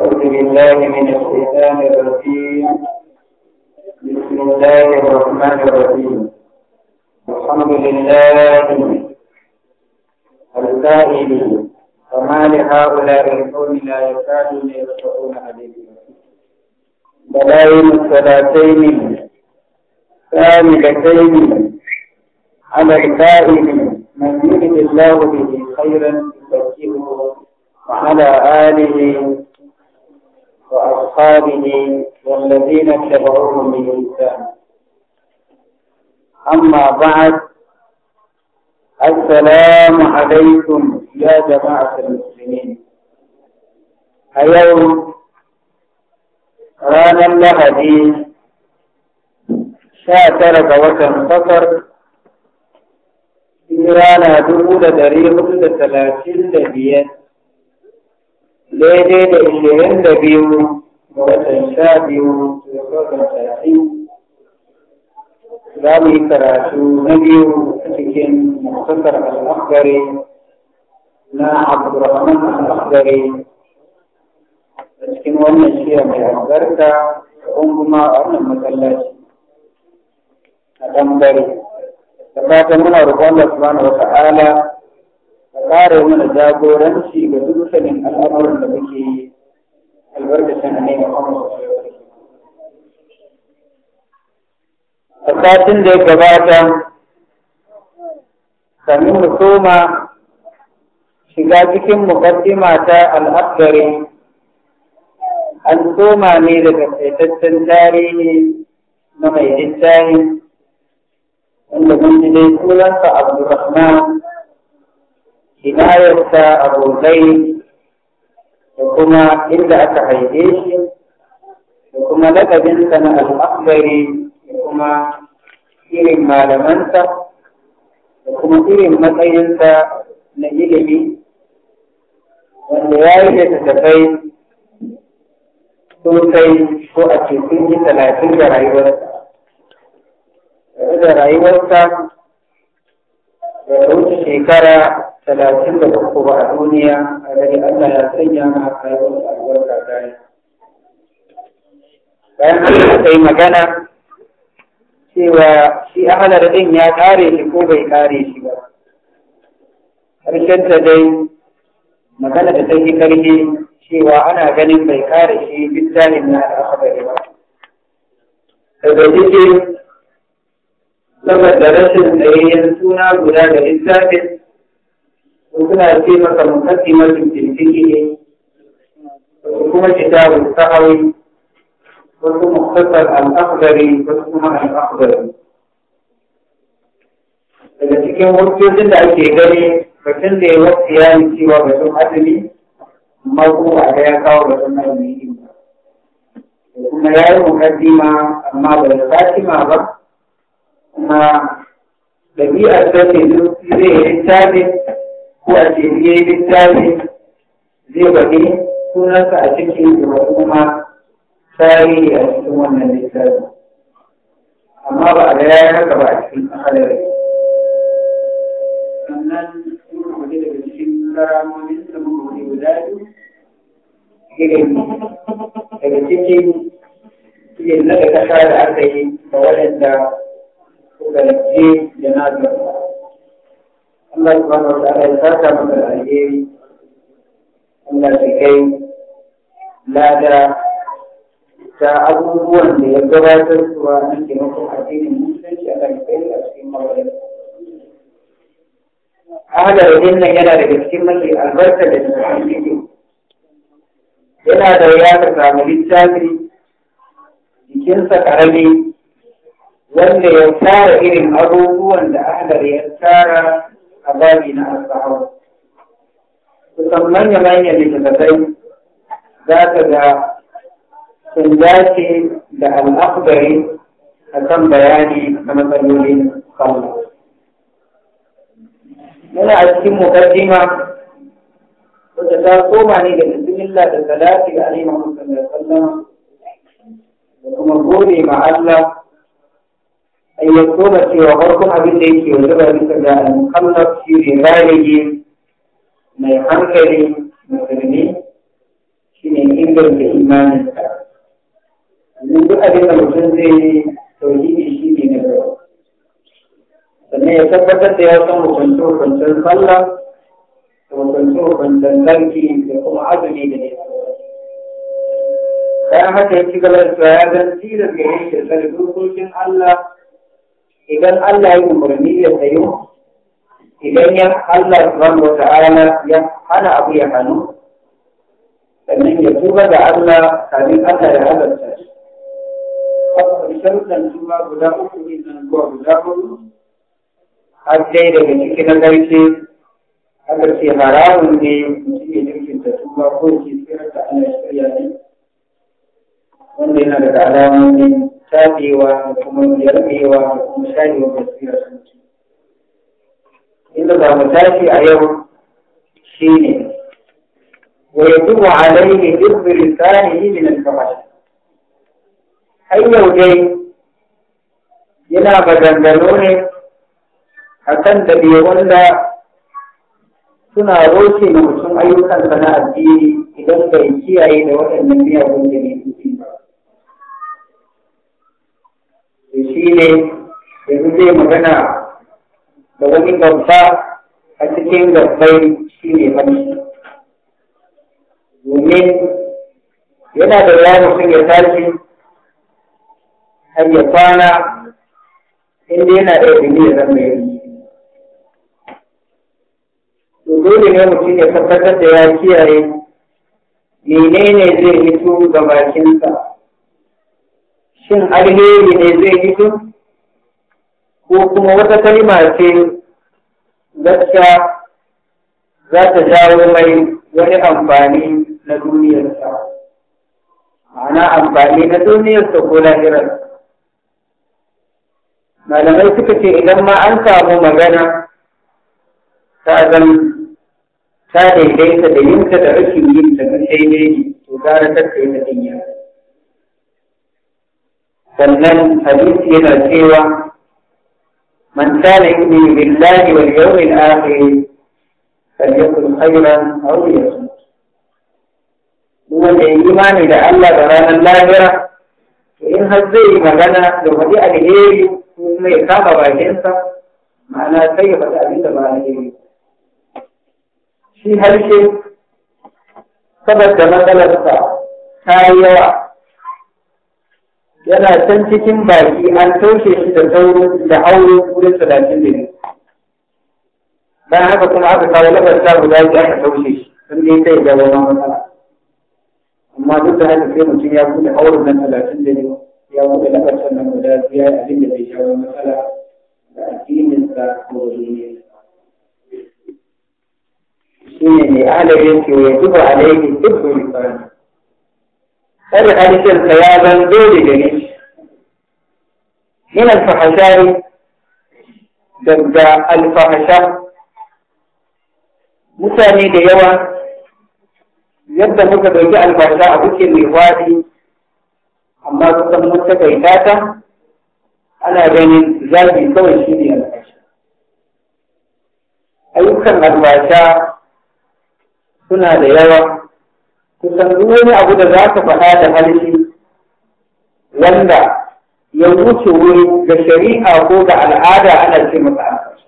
أعوذ بالله من الشيطان الرجيم بسم الله الرحمن الرحيم الحمد لله السائل فما لهؤلاء القوم لا يكادون يفقهون عليهم دلائل الصلاتين كاملتين على السائل من يرد الله به خيرا يزكيه وعلى آله وأصحابه والذين اتبعوهم الإنسان أما بعد السلام عليكم يا جماعة المسلمين اليوم رانا لهدي شاتر بوتن فطر إيرانا دولة دريغة ثلاثين دبيات daidai da ishirin da biyu ga watan sha biyu da za mu yi karatu na biyu cikin muktasar al'akari na abdurrahman al'akari a cikin wannan shiya mai albarka kuma a wannan matsalaci. a ɗangare da fatan muna roƙon da subhanahu wa ta'ala Ta ƙara mana jagoranci ga al'amuran da muke albarkacin a nema kuma a satin da ya gabata sami mu soma shiga cikin mukaddima ta al'abdari an soma ne daga taitaccen tarihi na mai littafi wanda mun ji dai sunansa abdurrahman hinayarsa abokai da kuma inda aka haife shi da kuma lakabinsa na al'akbari da kuma irin malamansa da kuma irin matsayinsa na ilimi wanda ya yi da tafai sosai ko a ce sun yi talatin da rayuwarsa. Da rayuwarsa da wuce shekara talatin da bakwai ba a duniya a gari Allah ya sanya ma rayuwar albarka gani. Bayan Allah ta yi magana cewa shi ahalar ɗin ya ƙare shi ko bai ƙare shi ba. ta dai magana da ta yi ƙarfi cewa ana ganin bai ƙare shi bitalin na al'akabari ba. Daga cikin saboda rashin tsayayyen suna guda da littafin in suna ce maka mutaki mafi jirgin ne wasu kuma wasu sahawi wasu muktasar al'akhdari wasu kuma al'akhdari daga cikin hujjojin da ake gani batun da ya wasu ya yi cewa batun azumi amma kuma ba ya kawo batun na umini ba kuma ya yi mukaddima amma ba da fatima ba kuma ɗabi'ar da ke duk zai yi littafin ko a ce ya yi littafi zai bage sunansa a cikin da kuma tarihi a cikin wannan littafi amma ba a ga ya ba a cikin ahalari sannan kuma wani daga cikin karamomin samun wani guda biyu daga cikin yin na da kasa da aka yi ga waɗanda suka je zama Allah subhanahu wa ta'ala ya saka maka da alheri Allah shi kai lada ta abubuwan da ya gabatar suwa a taimakon addinin musulunci a kan kai a cikin mawarin. Ahalarin nan yana daga cikin mafi albarka da cikin musulunci yana da ya ka samu littafi jikinsa ƙarami wanda ya tara irin abubuwan da ahadar ya tara الذين أصبحوا kusan manya-manya littattafai za ka ga sun dace da al'akbari a kan bayani na matsalolin kawo. Muna a cikin mukaddima wata ta koma ne da bismillah da salati ga alaihi Muhammad sallallahu alaihi da kuma gode ma Allah ya koma cewa farkon abin da yake wanda ba bisa ga al-mukallaf shi ne galibi mai hankali musulmi shi ne inganta imaninsa domin mutum zai yi tauhidi shi ne na gaba sannan ya tabbatar da ya san hukuncin hukuncin sallah da hukuncin hukuncin sarki da kuma azumi da ne ya ci gaba da tsare Allah idan Allah ya umarni ya sayo? idan ya Allah subhanahu wata'ala ya hana abu ya hannu sannan ya tuba da Allah kafin Allah ya halarta shi sharuɗan su ma guda uku ne nan zuwa guda hudu har dai daga ciki na ƙarshe haka ce haramun ne mutum ya ta tuba ko ke tsirar da Allah ya shirya ne wanda yana daga alamomin tabewa da kuma yarbewa da kuma sharewa basira sun ci inda za mu tashi a yau shi ne wa ne duk hizbi lisanihi yi minin kamar har yau dai yana dangano ne akan dabi'un da suna roce mutum ayyukan na addini idan bai kiyaye da waɗannan miyagun da ne shi ne yanzu zai magana da wani babba a cikin gabbai shi ne hannu domin yana da ya mutum ya tashi har ya kwana inda yana da ilimi ya zama yanzu to dole ne mutum ya tabbatar da ya kiyaye menene zai fito ga bakinsa shin alheri ne zai yi ko kuma wata kalima ce gaskiya za ta jawo mai wani amfani na duniyarsa ma'ana amfani na duniyarsa ko lahirar malamai suka ce idan ma an samu magana ta zan ta daidaita da yinta da rashin yin da na ne, to gara ta na da dinya sannan hadisi yana cewa man kana yu'minu billahi wal yawmil akhir falyakun khayran aw yasmut wanda ya imani da Allah da ranar lahira to in har zai yi magana da wani alheri ko kuma ya kama bakinsa ma'ana sai ya faɗi abin da ba alheri shi harshe saboda matsalarsa ta yi yawa yana can cikin baki an toshe shi da sauro da aure wurin talatin da ne bayan haka kuma aka kawo labarta guda biyu aka toshe shi sun dai yi da wani matsala amma duk da haka sai mutum ya bude auren nan talatin da ne ya bude labarta nan guda biyu ya yi abin da bai shawo matsala da addininsa ko duniyarsa shi ne mai alayin ke ya duba alayin duk da wani kada halittarsa ya zan dole gare shi min alfahashari daga alfahasha mutane da yawa yadda muka ɗauki alfahasha a kuke mai faɗi amma kusan mun ta ana ganin zafi kawai shi ne ayyukan alfahasha suna da yawa kusan duk wani abu da za ka faɗa da halshi wanda ya wuce wuri ga shari'a ko ga al'ada ana ce masa albashi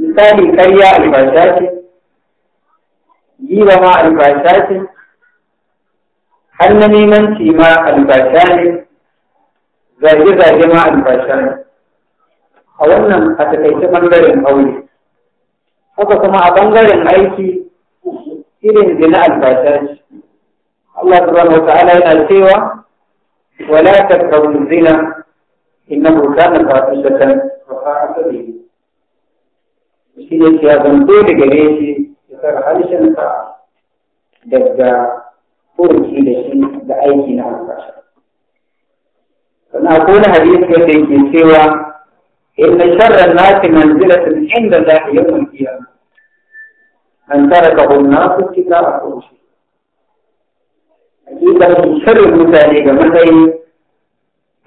misali ƙarya albasha ce giba ma albasha ce har na nemanci ma albasha ne zage-zage ma albasha ne a wannan a takaice ɓangaren aure haka kuma a ɓangaren aiki irin jina albasha ce Allah subhanahu wa ta'ala yana cewa ولا تذكروا الزنا إنه كان فاحشة وساء سبيلا shi ya zanto da gare shi ya tsara harshensa daga furuci da shi da aiki na alfashi. Sannan akwai wani hadisi yadda yake cewa inna sharran nasi manzilatin inda za a yi mulkiya an tara ka hunna su cika a furuci. hakikar shirin mutane ga matsayi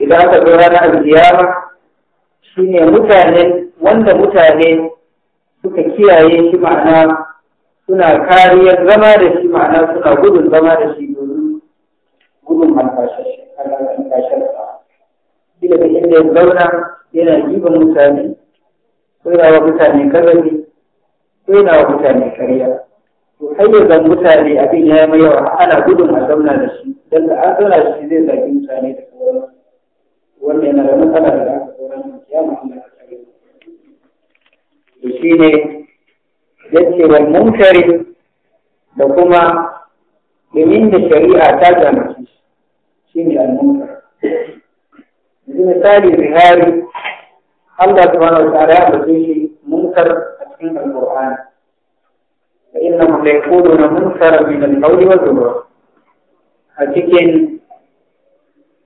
idan aka zo ranar ziyara shi ne mutane wanda mutane suka kiyaye shi ma'ana suna kariyar zama da shi ma'ana suna gudun zama da shi domin gudun harkashar shi daga inda ya zauna yana jiban mutane ko yana wa mutane kazafi ko yana wa mutane karya to har ya zan mutane abin ya yi mai yawa ana gudun a zauna da shi don da an zauna shi zai zagi mutane da sauran wannan yana da matsala da aka sauran kiyama Allah ka tsare to shine yace wal munkari da kuma domin da shari'a ta zamace shi ne al munkar yanzu misali zihari Allah subhanahu wa ta'ala ya bace shi munkar a cikin Al-Qur'ani. فإنهم يكونون منكر من القول والزمرة أتكين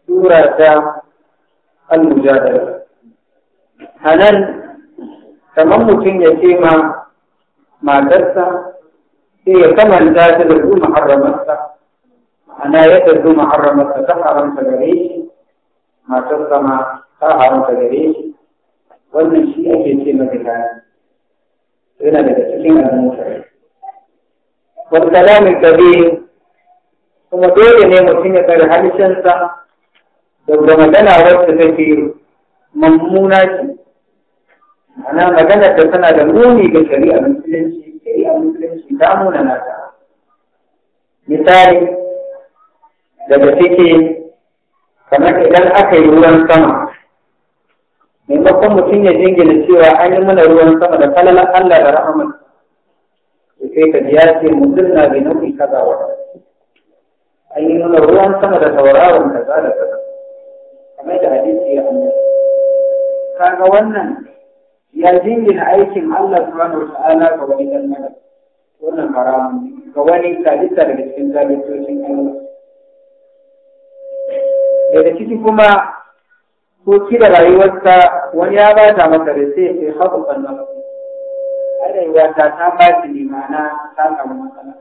دورة المجادلة هنال تمام ممكن يتيما ما درسا هي كما الزاد الذو محرمة أنا يد الذو محرمة تحرم تجريش ما درسا ما تحرم تجريش والنشيئة يتيما بها هنا لتكين الموسيقى والكلام الكبير kuma dole ne mutum ya tsare halishinsa daga magana wacce take mummuna ce ana maganar da tana da muni ga shari'a musulunci shari'a musulunci ta muna nata misali daga ciki kamar idan aka yi ruwan sama maimakon mutum ya jingina cewa an yi mana ruwan sama da kalalan Allah da rahama sai ka ya ce mutum na bi nau'i kaza wa an yi nuna ruwan sama da tauraron kaza da kaza kamar da hadisi ya amma kaga wannan ya jingina aikin Allah subhanahu wa ta'ala ga wani dan mana wannan haramun ga wani kalista daga cikin zalitocin Allah daga ciki kuma ko da rayuwarsa wani ya ba ta masa da sai ya ce haƙuƙan nan tsayuwa ta ta ba ne ma'ana ta samu matsala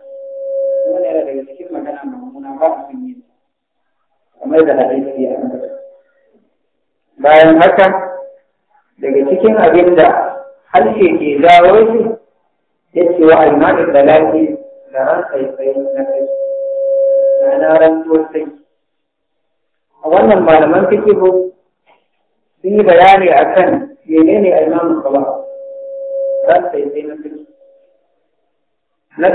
kuma yana daga cikin magana mamuna ba a sun yi kamar da aiki a bayan haka daga cikin abin da harshe ke jawo shi ya ce wa almanin da lafi da ran tsaitsayi na kai na ran sosai. a wannan malaman fikihu sun yi bayani akan menene almanin kaba za su sai sai na sirri na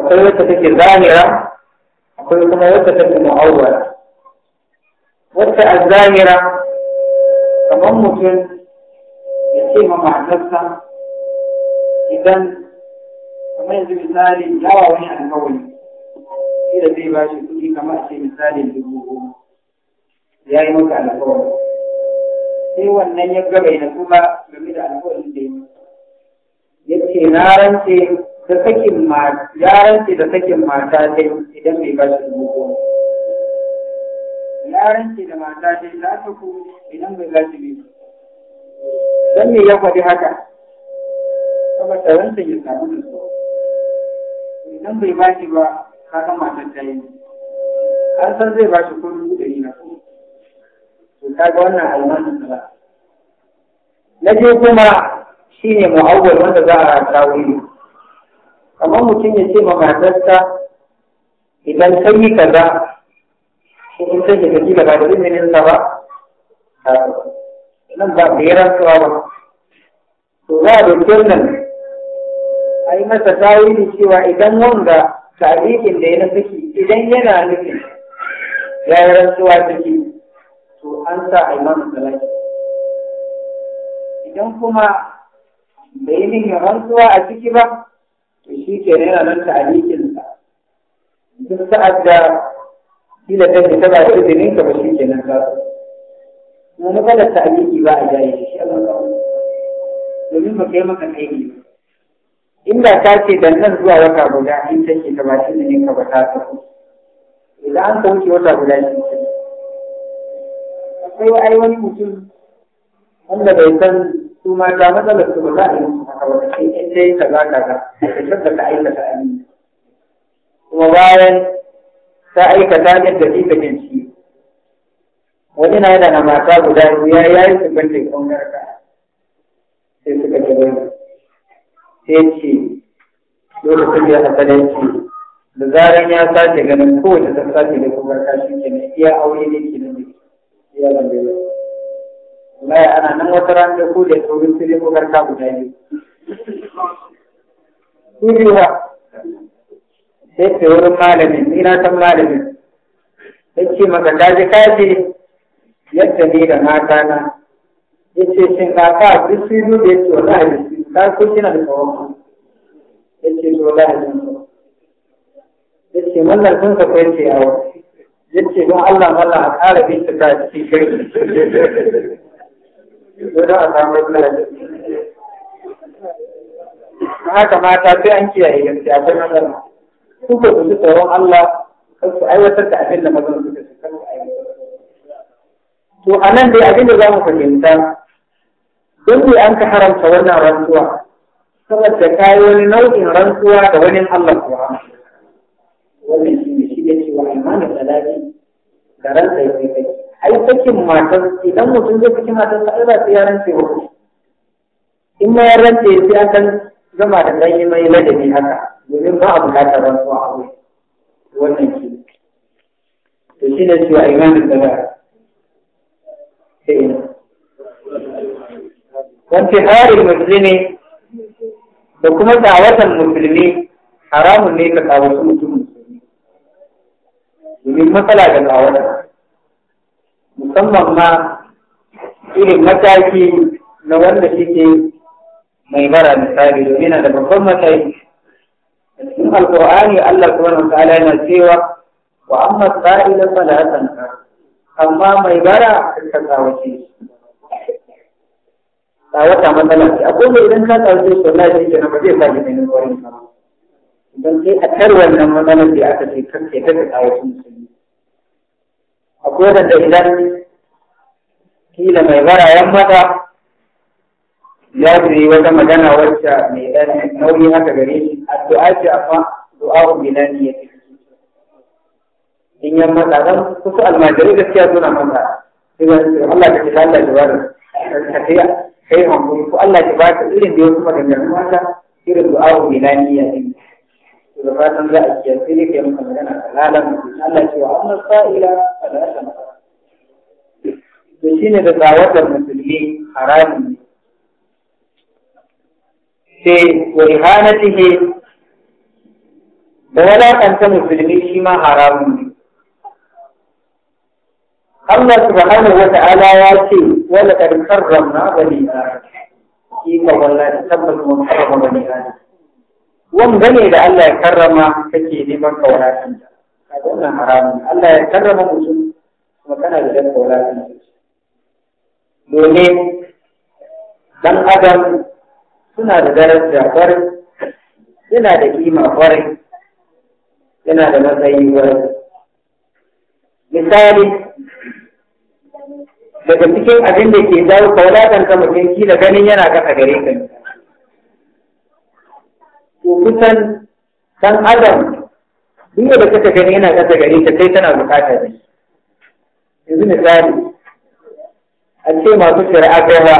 ɗaya akwai wata take zahira akwai kuma wata take mu'awwala wata a zahira kamar mutum ya ce ma matarsa idan kamar yanzu misali yawa wani alkawari sai da zai ba shi kuɗi kamar a ce misali dubu goma ya yi maka alkawari sai wannan ya gaba bai kuma game da alƙawarin da ya ce na rance da sakin mata ya rance da sakin mata dai idan bai ba shi dubu ya rance da mata dai za ta ku idan bai ba shi dubu dan me ya faɗi haka saboda rancen ya samu nutsuwa idan bai ba shi ba ka ga matar ta yi an san zai ba shi kuɗi ɗari ka ga wannan almanin ba na je kuma shine mu'awwal wanda za a tawili kamar mutum ya ce ma matarsa idan ka yi kaza shi in sai ka ji gaba da izinin sa ba nan ba bai rantsuwa ba to za a dauki wannan a yi masa tawili cewa idan wanga tarihin da ya na saki idan yana nufin ya yi rantsuwa ciki to an sa a yi masa salati idan kuma bai yi rantsuwa a ciki ba to shi ke yana nan ta alikinsa duk sa'ad da kila ta ta ba shi izinin ka ba shi ke nan kasu na na bada ta aliki ba a jayi shi a ka domin ba kai maka aiki inda ta ce da nan zuwa wata guda in take ta ba shi da ka ba ta idan an ta wuce wata guda shi akwai ai wani mutum wanda bai san su mata matsalar su ba za a yi musu haka wata kai in dai ka za ka ga ka tabbata aikata abin kuma bayan ta aikata ne da ita ke ci wani na yana mata guda biyu ya yi su bace kaunar ka sai suka ce wani sai ce dole sun yi ya ce. da zaran ya sace ganin kowace ta sace da kaunar ka shi ke iya aure ne ke nan ya zambe ba wallahi ana nan wata ran da ku da tsorin sai ko garka guda ne biyu ba. sai ta wurin malamin ni na san malamin ce maka daji kaji yadda ni da mata na Ya ce shin ka ka bisiru da yace wani abu. ka ko kina da tsawon da to Ya ce wannan sun ka kwace yawa ya ce don Allah Allah a ƙara ta ta cikin kai. Dole a samu lafiya. haka mata sai an kiyaye gaskiya ta matsala su ko su tsoron Allah kan su aiwatar da abin da mazan suka kan su to a nan dai abin da za mu fahimta don dai an ka haramta wannan rantsuwa saboda kayi wani nau'in rantsuwa da wani Allah kuwa wannan shi ne ya ce wa da salati da ran da yake kai ai sakin matar idan mutum zai saki matar sa ba sai ya rantse ba in ma ya rantse sai an san gama da dai mai ladabi haka domin ba a bukatar rantsuwa a wuri wannan ke to shi ne cewa imanin salati wantiharin musulmi da kuma dawatan musulmi haramun ne ka kawo su domin matsala da ba wani musamman ma irin mataki na wanda suke mai mara misali domin da babban mataki cikin alkur'ani Allah subhanahu wa ta'ala yana cewa wa amma sa'ila fala tanka amma mai bara ka tsawace a wata matsala ce a kuma idan ka tsawace shi na shi kenan ba zai sa ni ganin wani idan sai a tarwar nan matsala ce aka ce kan ke ta tsawace musulmi akwai wadanda idan kila mai bara ya mata ya zuri wata magana wacce mai ɗan nauyi haka gare shi addu'a ce amma du'a bila niyyati in yan mata dan kusa almajirai gaskiya suna mata Allah ka kira Allah jibara ka kai kai hankali ko Allah ya baka irin da kuma da maganganun mata irin du'a bila niyyati da fatan za a kiyar sai dai kai maka magana ka lalata Allah ce wa amma sa'ila fala ta maka to shine da tawatar musulmi haramun ne sai wa ihanatihi da walakanta musulmi shi ma haramun ne Allah subhanahu wa ta'ala ya ce wala kad karramna bani adam Kika ka wallahi tabbas mun karrama bani adam wanda ne da Allah ya karrama kake neman kauna shi kaga wannan haramun Allah ya karrama mutum kuma kana da dan kauna shi domin dan adam suna da daraja kwarai yana da kima kwarai yana da matsayi kwarai misali daga cikin abin da ke jawo kaulatan ka mutum kila ganin yana kasa gare ka ko kusan dan adam duk da kake gani yana kasa gari ta kai tana bukata ne yanzu tsari a ce masu shari'a kai ba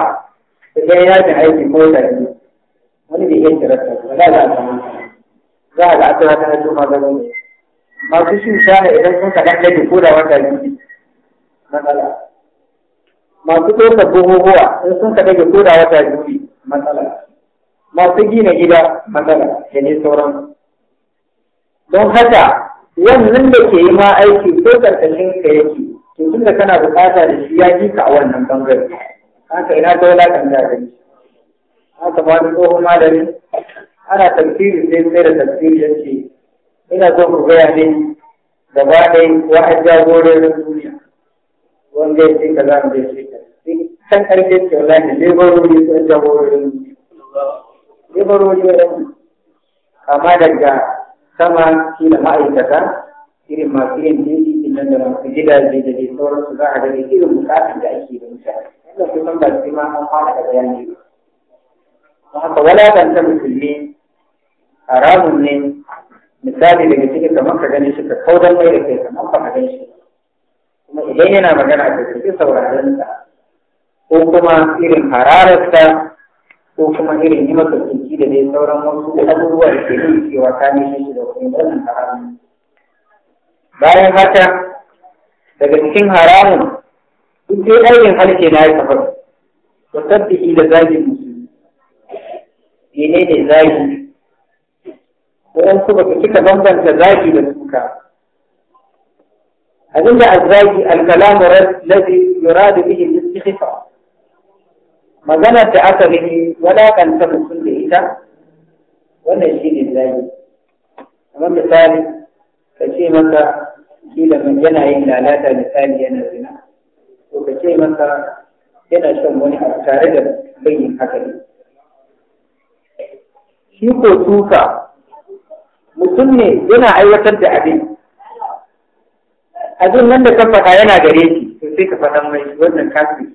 da kai yajin aiki ko tarihi wani bai iya kirasta ba za a samu za a ga asara ta hajjo magani ne masu shin shana idan sun kaɗan da ko da wata ne matsala masu ɗaukar buhuhuwa in sun kaɗan rage ko da wata biyu matsala masu gina gida matsala da ne sauran don haka wannan da ke yi ma aiki ko karkashin ka yake to tun da kana bukata da shi ya ji ka a wannan bangare haka ina ta kan da rai haka ba ni tsohon malami ana tafsiri sai sai da tafsiri da ce ina zo ku gaya ne gaba ɗaya wa'ad na duniya wanda ya ce ka za mu je shi ka can ƙarfe ce wallahi lebarori sun na duniya lebarorin kama daga sama kila ma'aikata irin masu yin titi nan da masu gidaje da dai sauransu za a gani irin bukatun da ake da mutane inda kusan ba su ma an fara da bayani ba don haka walakanta musulmi haramun ne misali daga cikin kamar ka gani shi ka kaudan mai da kai kamar ba ka gani shi kuma idan yana magana da ka cikin sauraron sa ko kuma irin hararsa ko kuma irin yi maka jiki da dai sauran wasu abubuwa da ke nuna cewa ka nishe shi da wani wannan haramun bayan haka daga cikin haramun duk sai aikin halke na ya kafar wa tabbihi da zagin musulmi ne ne zagi an kuma ka kika bambanta zagi da suka abinda azzagi alkalamu ladhi yuradu bihi al-istighfar maganar da aka nufi mutum da ita wannan shi ne zai kamar misali ka ce masa kila mun yana yin lalata misali yana zina to ka ce masa yana shan wani abu tare da bayyin haka ne shi ko tuka mutum ne yana aiwatar da abin abin nan da ka faɗa yana gare shi to sai ka faɗa mai wannan kafin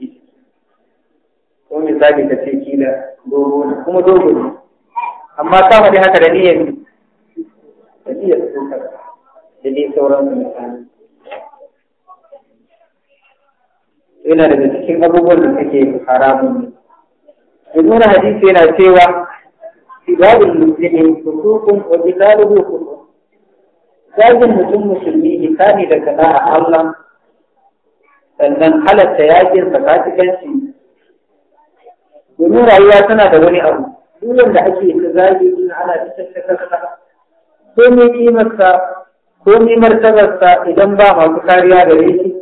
ko misali ta ce kila dogo ne kuma dogo ne amma kama dai haka da niyyar da niyyar tsokar da dai sauran su misali yana daga cikin abubuwan da suke haramun ne yanzu wani hadisi yana cewa ibadul muslimi hukukun wa qitaluhu kufur zagin mutum musulmi hisani da kaɗa a Allah sannan halatta yakin shi domin rayuwa tana da wani abu duwan da ake ta zagi suna ana ta tattaka ko mai kimarsa ko mai martabarsa idan ba masu kariya da reki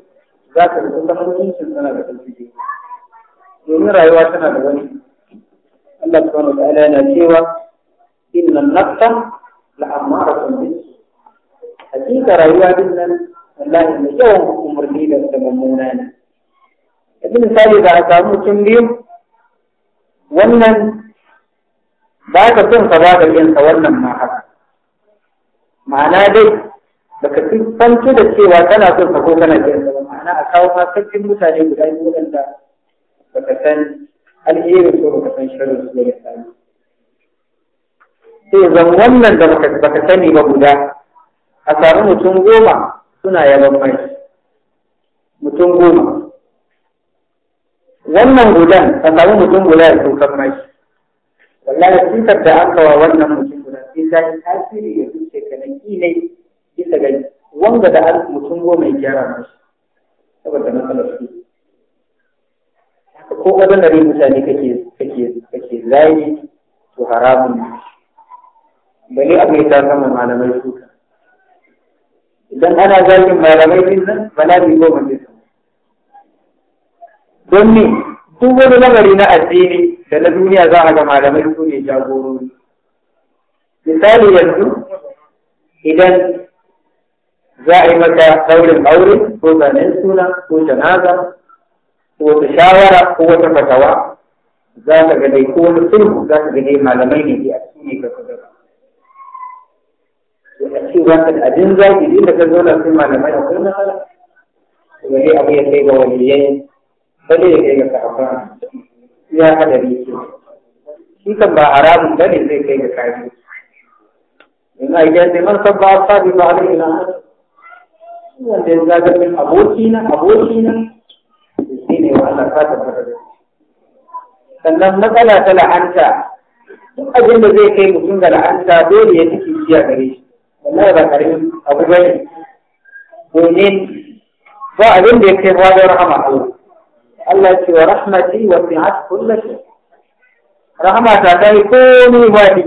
za ka rufe zaman cincin tana da ƙarfi domin rayuwa tana da wani Allah subhanahu wa ta'ala yana cewa inna nafsa la'amaratun bis hakika rayuwa din nan wallahi mai yawan ne da mummuna ne. Abin misali da a samu mutum biyu wannan ba ka son ka ba yin ka wannan ma haka ma'ana dai ba ka fi fanci da cewa kana son ka ko kana kin ba ma'ana a kawo ma sabbin mutane guda biyu waɗanda ka san alheri ko ka san shirin su da sani sai zan wannan da ba ka sani ba guda a samu mutum goma suna yaban mai mutum goma wannan gudan ka samu mutum guda ya saukar mai wallahi cutar da aka wa wannan mutum guda sai ta yi tasiri ya zuce ka na ne bisa ga wanda da an mutum goma ya gyara mashi saboda matsalar su ko ordinary mutane kake kake kake zai to haramun bale a mai ta sama malamai suka idan ana zagin malamai din nan bala bi goma ne don ne duk wani lamari na addini da na duniya za a ga malamai su ne jagorori misali yanzu idan za a yi maka daurin aure ko zanen suna ko janaza ko wata shawara ko wata fatawa za ka ga dai ko wani sulhu za ka ga dai malamai ne ke a cikin ka kudu a ce ba ka da abin zaki inda ka zauna sun malamai akwai matsala to ne abu ya kai ga waliyai ba zai kai ga kafin ya hadari ke shi kan ba haramun bane zai kai ga kafin in a gidan da man sabba sa bi ba alai na wanda ya zaga min aboki na aboki na shi ne wa Allah ka tabbata sannan matsala ta la'anta duk abin da zai kai mutum ga la'anta dole ya ciki ciya gare shi wallahi ba karamin abu bane domin ba abin da ya kai ba da rahama Allah Allah ce wa rahmati wa fi'at kullu shay rahama ta kai komai wadi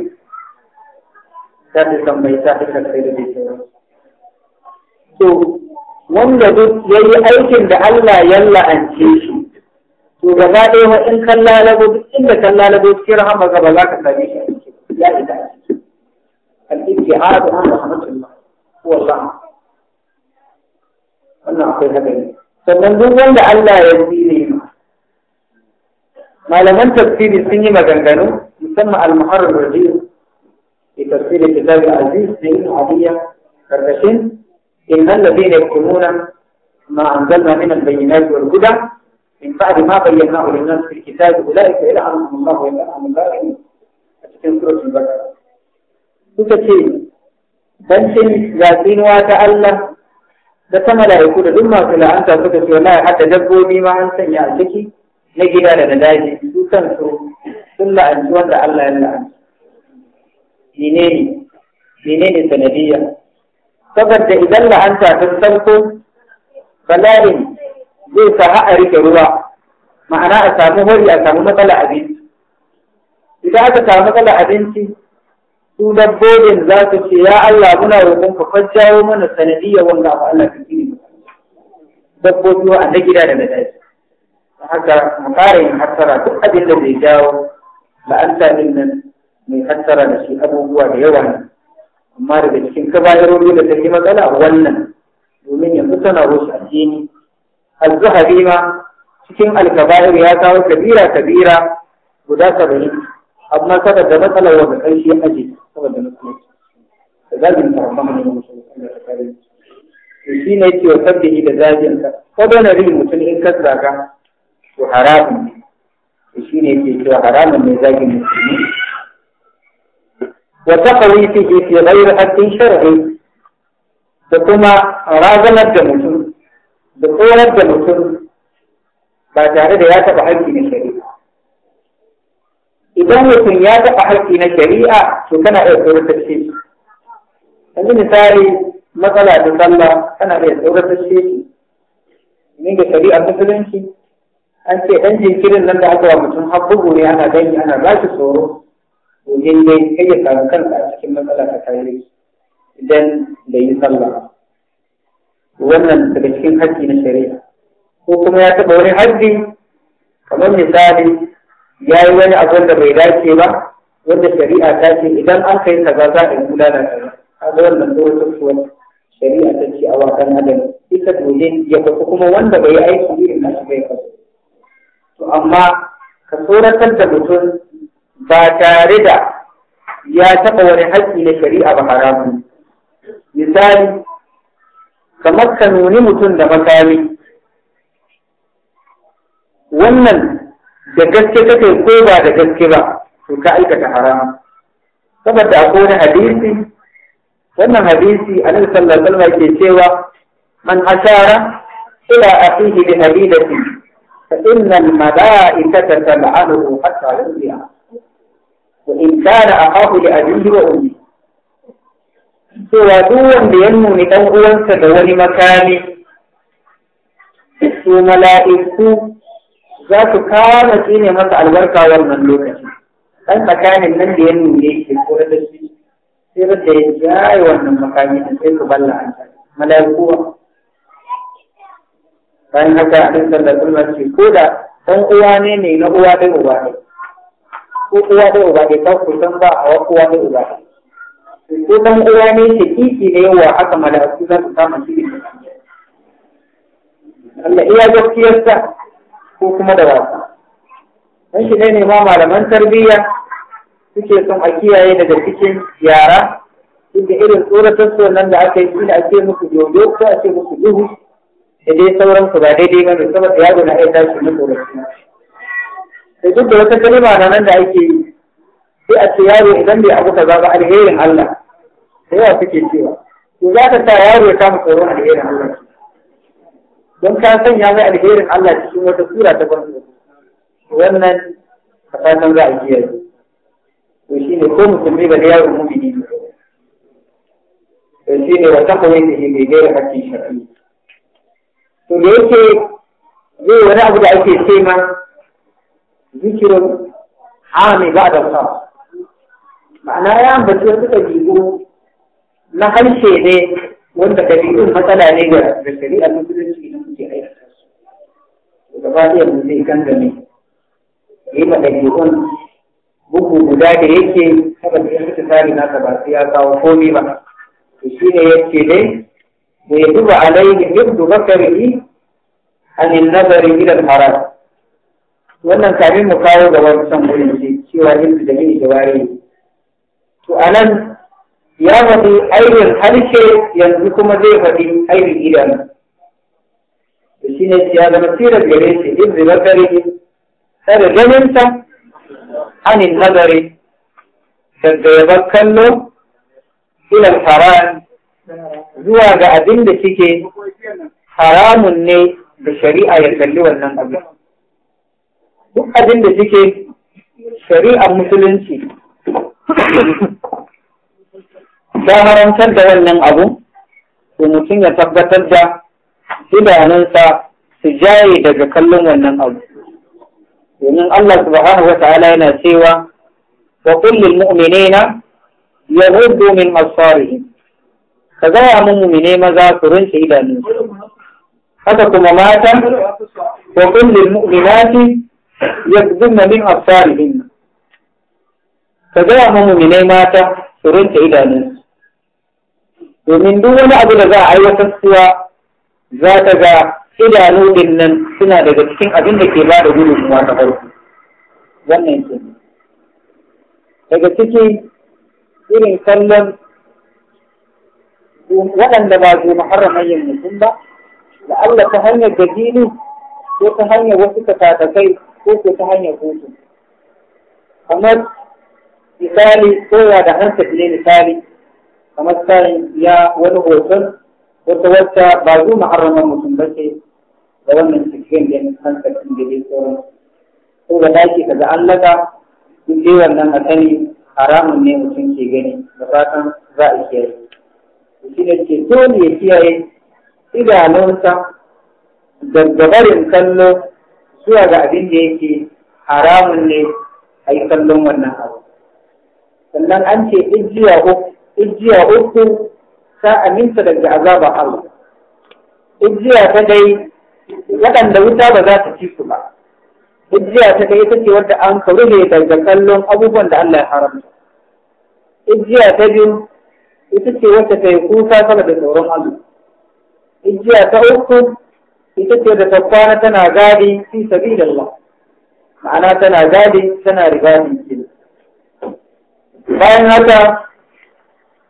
ta ta tambayi ta ta kai da sauran to wanda duk yayi aikin da Allah ya la'ance shi to gaba ɗaya ma in kan lalabo duk inda kan lalabo cikin rahama gaba za ka same shi ya ida al-ibtihadu an rahmatullah huwa Allah wannan akwai hadari sannan duk wanda Allah ya tsire malaman tafsiri sun yi maganganu musamman al-muharrar rajiyu da tafsirin da zai aziz da yin abiya karkashin in hallabe ne kununa ma an zalla min al-bayyinati wal huda in ba'da ma bayyana ulun nas fil kitab ulaika ila an Allah wa ila an ba'i a cikin suratul baqara suka ce dan cin gasinuwa ta Allah da ta mala'iku da duk su la'anta suka ce wallahi hadda dabbobi ma an sanya a ciki na gida da na daji su kansu sun la'anci wanda Allah ya la'anci menene menene sanadiyya saboda idan la'anta ta sanko bala'in zai sa a rike ruwa ma'ana a samu hori a samu matsala abinci idan aka samu matsala abinci su dabbobin za su ce ya Allah muna roƙon ka fajjawo mana sanadiyya wanda ba Allah ka kiri dabbobi wa na gida da na daji haka mu fara yin hattara duk abin da zai jawo la'anta din nan mai hattara da shi abubuwa da yawa ne amma daga cikin kabayarori da ta yi matsala wannan domin ya yanzu tana rushe addini az-zahabi ma cikin alkabair ya kawo kabira kabira guda saba'in amma saboda matsala wanda kai shi aji saboda matsalar da zagin amma ne musulmi da ta kare shi ne ke wa sabbihi da zagin ka ko da na rin mutum in ka zaga to haramun ne shi ne ke cewa haramun ne zagin musulmi wa taqawitihi fi ghayri haqqin shar'i da kuma razanar da mutum da tsorar da mutum ba tare da ya taɓa haƙƙi na shari'a idan mutum ya taɓa haƙƙi na shari'a to kana iya tsoratar shi yanzu misali matsala da sallah kana iya tsoratar shi ne ga shari'a musulunci an ce ɗan jinkirin nan da aka wa mutum har bugu ne ana dangi ana ba shi tsoro to dai kai ya samu kanka a cikin matsala ta kare idan da yi sallah wannan daga cikin haƙƙi na shari'a ko kuma ya taɓa wani haƙƙi kamar misali ya yi wani abu da bai dace ba wanda shari'a ta ce idan an kai kaza za a yi gudana kaza a ga wannan lokacin kuwa shari'a ta ce a wakan adam ita dole ya kwafi kuma wanda bai yi aiki irin nasu bai kwafi to amma ka tsoratar da mutum ba tare da ya taɓa wani haƙƙi na shari'a ba haramu misali kamar ka nuni mutum da makami wannan da gaske kake ko ba da gaske ba to ka aikata haram saboda akwai wani hadisi wannan hadisi annabi sallallahu alaihi wasallam ke cewa man ashara ila akhihi bi hadidati فإن الملائكة تلعنه حتى يرجع وإن كان أخاه لأبيه وأمه cewa duk wanda ya nuni ɗan da wani makami su mala'iku za su kama shi ne masa albarka wannan lokaci ɗan tsakanin nan da ya nuna ya ke kura da shi sai da ya jaye wannan makami da sai su balla an mala'iku bayan haka annabi da kuma ce, ko da ɗan uwa ne ne na uwa dai uba ne ko uwa dai uba ne kan kusan ba a uwa dai uba ne ko ɗan uwa ne ke kiki ne wa haka mala'iku za su kama shi Allah iya gaskiyarsa ko kuma da wasa dan shi ne ne ma malaman tarbiyya suke son a kiyaye daga cikin yara inda irin tsoratar nan da aka yi shi ne ake musu dodo ko ake musu duhu da dai sauran ku ba daidai ba ne saboda yaro na iya tashi na korafi da duk da wata kalma na nan da ake yi sai a ce yaro idan bai abu kaza ba alherin Allah da yawa suke cewa to za ka sa yaro ya kama tsoron alherin Allah don ka sanya mai alherin Allah cikin wata sura ta farko wannan a fatan za a kiyaye to shine ko musulmi ba da yaro mu bi mumini ne to shine wa taqwa yake bai gaira hakkin shar'i to da yake zai wani abu da ake ce ma zikirin hami ba da sa ma'ana ya ambaci wasu ɗabi'u na harshe ne wanda ɗabi'un matsala ne ga a musulunci da suke aikata su gaba ɗaya mu zai gangame yi ma ɗabi'un bugu guda da yake saboda ya fita tsari nasa ba sai ya kawo komi ba to shi ne yake dai ويجب عليه حفظ بكره عن النظر الى الحرام wannan kamin mu kawo ga wancan wurin cewa yin da yin jawari to anan ya faɗi aibin harshe yanzu kuma zai faɗi aibin idanu da shi ne ya zama sirar gare shi in zirar anin nazari daga kallo ilan haram zuwa ga abin da suke haramun ne da shari'a ya kalli wannan abin. Duk abin da suke shari'ar musulunci ta haramtar da wannan abu, to mutum ya tabbatar da idanunsa su jaye daga kallon wannan abu. Domin Allah subhanahu wa ta'ala yana cewa wa kullum mu'minina ya min asfarihim ka gaya mu mumine maza su rinse idanunsu haka kuma mata wa kullil mu'minati yaqdunna min absarihin ka gaya mu mumine mata su rinse idanunsu domin duk wani abu da za a aiwatar suwa za ta ga idanu din nan suna daga cikin abin da ke ba da kuma ta farko wannan ke daga ciki irin kallon waɗanda ba su muharraman yin mutum ba Allah ta hanyar dalili ko ta hanyar wasu katakai ko ko ta hanyar kotu kamar misali kowa da hanta ne misali kamar tsarin ya wani hoton wata wata ba zu muharraman mutum ba ce da wannan cikin da hanta da dai sauran ko da dace ka ga Allah laga yi wannan a sani haramun ne mutum ke gani da fatan za a yi. shi ne ke dole ya kiyaye idanunsa daga barin kallo zuwa ga abin da yake haramun ne a yi kallon wannan abu sannan an ce ijiya uku ta aminta daga azaba Allah ijiya ta dai waɗanda wuta ba za ta ci su ba ijiya ta dai ita ce wadda an karu ne daga kallon abubuwan da Allah ya haramta ijiya ta biyu يتكي وانت فيكون فاصلة بالنوروح عدو إجياء تأخذ يتكي وانتفانة تنازالي في سبيل الله معنى تنازالي سنارباني كده فإن هذا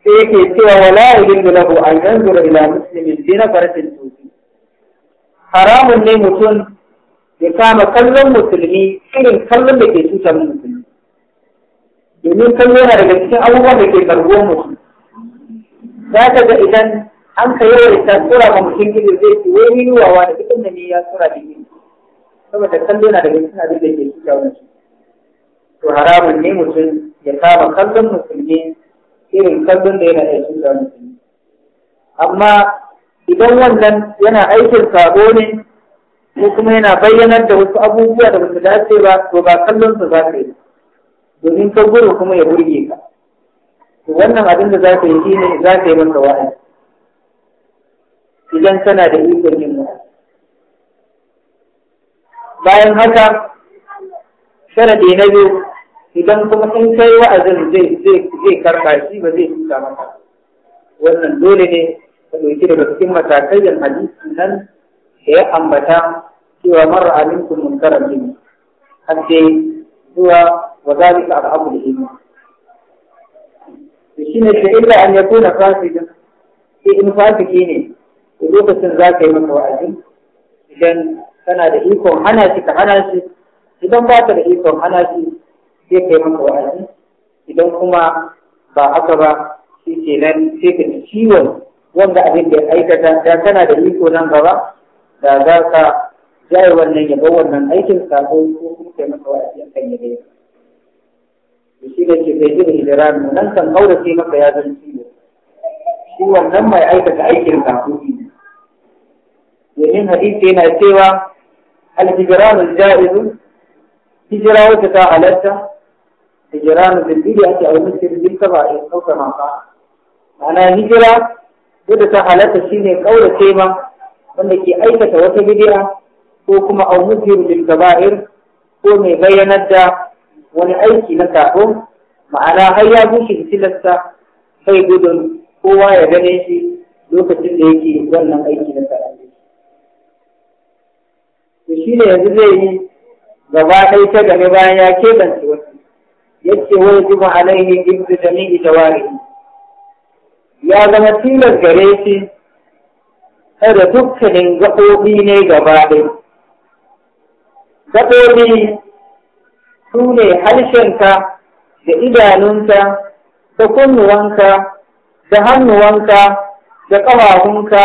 فيكي سوى ولا يجب له أن ينظر إلى مسلم الدين فرس الجوزي حرام النيمة يقام كل مسلمي في كل مكي سوى مسلمي يمين كل مرة يجب أن أول مكي كربوه مسلمي za ka ga idan an ka yi wani tasura ma mutum gido zai ce wai ni wawa da duk da ne ya tura da ni saboda kallo na daga cikin abin da ke cikin wani to haramun ne mutum ya kama kallon musulmi irin kallon da yana iya cikin musulmi amma idan wannan yana aikin sabo ne ko kuma yana bayyanar da wasu abubuwa da ba su dace ba to ba kallon su za ka yi domin ka gudu kuma ya burge ka wannan abin da za ka yi shine za ka yi masa wa'azi idan tana da ikon yin bayan haka sharadi na biyu idan kuma in kai wa'azin zai zai zai karka shi ba zai cuta maka wannan dole ne ka ɗauki daga cikin matakai da hadisi nan da ya ambata cewa mara aminkum munkaran min har sai zuwa wa zalika da ilmi shi ne ta illa an yaku na fasikin sai in fasiki ne to lokacin za ka yi maka wa'azi idan kana da ikon hana shi ka hana shi idan ba ka da ikon hana shi sai ka maka wa'azi idan kuma ba haka ba shi ke nan sai ka ji ciwon wanda abin da ya aikata da kana da iko nan gaba da za ka jaye wannan yabo wannan aikin sako ko kuma kai maka wa'azi akan ya shi ne ke kai irin jirani nan kan kaurace maka ya zan ciwo shi wannan mai aikata aikin kafuri ne domin hadisi yana cewa alhijiranu ja'izu hijira wata ta halatta hijiranu bilbili ake a mutum bil a in kauka maka ma'ana hijira wata ta halatta ne kaurace ma wanda ke aikata wata bid'a ko kuma au mutum bil kaba'ir ko mai bayyanar da wani aiki na kafin ma'ana har ya bushe fitilarsa kai gudun kowa ya gane shi lokacin da yake wannan aiki na kafin to shi ne yanzu zai yi gaba ɗaya ta game bayan ya kebance wasu yake wani zuba alaihi ibnu jami'i jawarihi ya zama tilas gare shi kada dukkanin gaɓoɓi ne gaba ɗaya gaɓoɓi su ne harshenka da idanunka da kunnuwanka da hannuwanka da ƙafafunka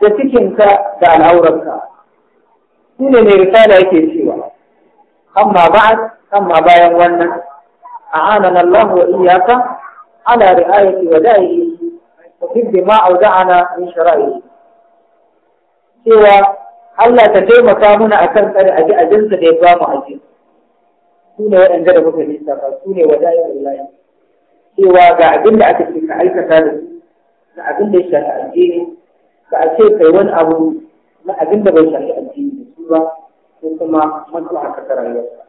da cikinka da al'aurarka shi ne mai risala yake cewa amma ba'ad amma bayan wannan أعاننا الله وإياك على رعاية ودائه وحب ما أودعنا من shara'i cewa Allah ta taimaka mana a kan tsare aji ajinsa da ya ba mu aji. su ne waɗanda da muka nisa ba su ne wadayar layi cewa ga abin da aka ce ka aikata da su ga abin da ya shafi addini ba a ce kai wani abu na abin da bai shafi addini da su ba ko kuma maslaha a ta rayuwarka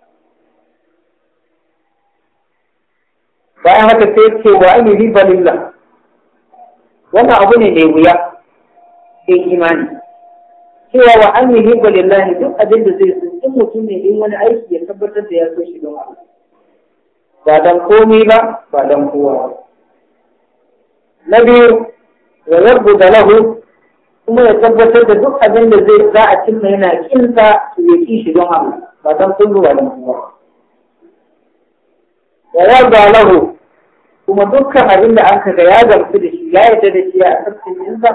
bayan haka sai ce wa ani balilla wannan abu ne mai wuya sai imani cewa wa an yi lillahi duk abin da zai tsinci mutum ne in wani aiki ya tabbatar da ya so shi don Allah ba dan komai ba ba dan kowa na biyu wa yarbu da lahu kuma ya tabbatar da duk abin da zai za a cimma yana kinsa su ya ki shi don Allah ba dan sun ba dan kowa wa yarda lahu kuma dukkan abin da an kaga ya gamsu da shi ya yarda da shi a tsaftin kinsa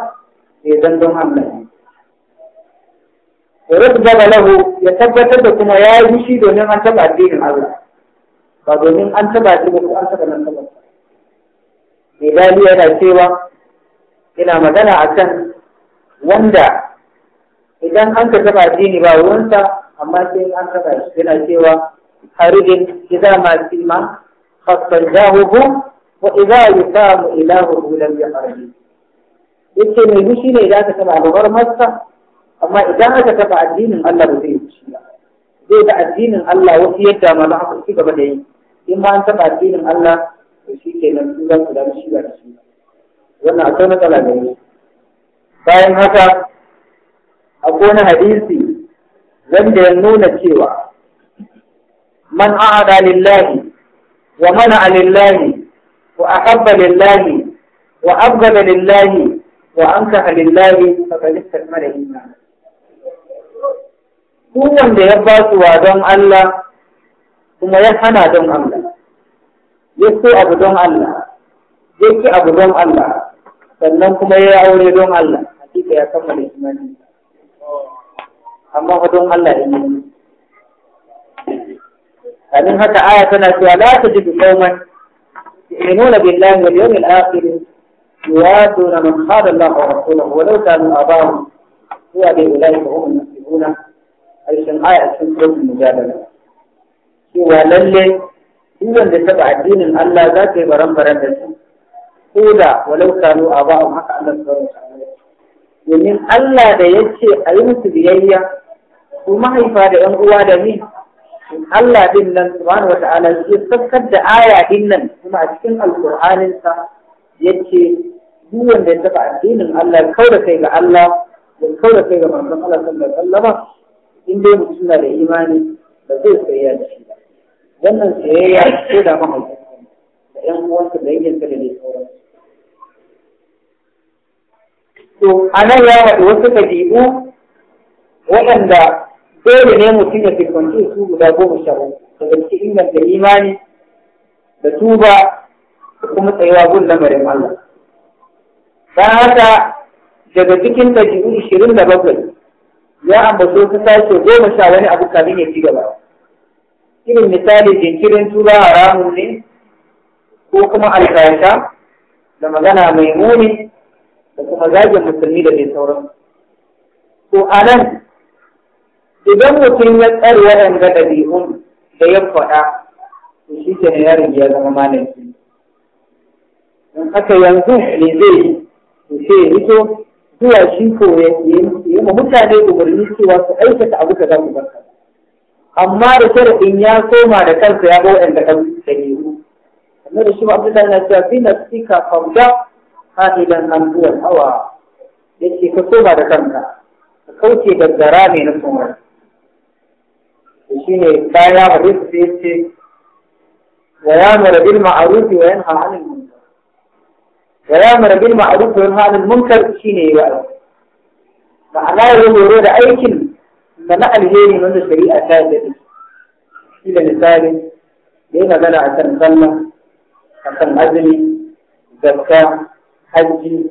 ya zan don Allah da lahu ya tabbatar da kuma ya yi shi domin an taba addinin Allah ba domin an taba addinin ko an taba nan taba mai dali yana cewa ina magana akan wanda idan an ka taba addini ba ruwansa amma sai an taba shi yana cewa harijin idza ma sima khassajahu wa idza yusamu ilahu lam yakhruj yace mai shi ne idan ka taba alhormarsa amma idan aka taɓa addinin Allah ba zai ci ba zai da addinin Allah wasu yadda ma za ku ci gaba da yi in ma an taɓa addinin Allah to shi ke nan su za su da shi ba da shi wannan akwai matsala da yi bayan haka akwai wani hadisi wanda ya nuna cewa man a'ada lillahi wa mana'a lillahi wa ahabba lillahi wa abgada lillahi wa ankaha lillahi faqad istakmala imanan duk wanda ya ba su wa don Allah kuma ya hana don Allah ya so abu don Allah ya ki abu don Allah sannan kuma ya aure don Allah hakika ya kammala imani amma don Allah ya yi kamin haka aya tana cewa la tajidu qauman yu'minuna billahi wal yawmil akhir yuwaduna man khada Allah wa rasulahu wa law kanu abahum huwa bi ulaika hum al-muflihun ƙarshen aya cikin suratul mujadala cewa lalle duk wanda taba addinin Allah za ta yi baran baran da su ko da walau kanu a ba'u haka Allah subhanahu wa domin Allah da ya ce a yi musu biyayya ko mahaifa da 'yan uwa da ni Allah din nan subhanahu wa ta'ala ya saukar da aya din nan kuma a cikin alqur'anin sa ce, duk wanda ya taba addinin Allah ya kaura kai ga Allah ya kaura kai ga manzon Allah sallallahu alaihi wasallam in dai mutum suna da imani ba zai tsayayya da shi ba wannan tsayayya ko da mahaifi da ƴan uwansa da yankinsa da ne sauransu to a nan ya waɗa wasu ɗabi'u waɗanda dole ne mutum ya fuskanci su guda goma sha uku daga cikin inganta imani da tuba da kuma tsayawa gun lamarin Allah. Don haka daga cikin ɗabi'u ashirin da bakwai ya ambato su sashe goma sha wani abu kamin ya ci gaba irin misali jinkirin tura ramun ne ko kuma alkaita da magana mai muni da kuma zagin musulmi da dai sauran to a nan idan mutum ya tsare waɗanda ɗabi'un da ya faɗa to shi ke yaron ya zama malamci. in haka yanzu ne zai yi to sai ya zuwa shi ko ya yi ma mutane umarni cewa su aikata abu ka za ku barka amma da sharaɗin ya koma da kansa ya ga waɗanda kan dabi'u amma da shi ma abdullahi na cewa bi fauda ha idan an zuwa hawa ce ka koma da kanka ka kauce gaggara ne na sunan shi ne kaya hadisi sai ce wa ya'muru bil ma'ruf wa yanha 'anil munkar da ya mara bil halin munkar shine ya ma'ana ya horo da aikin da na alheri wanda shari'a ta yi shi da misali da yi magana a kan sallah a kan azumi zakka hajji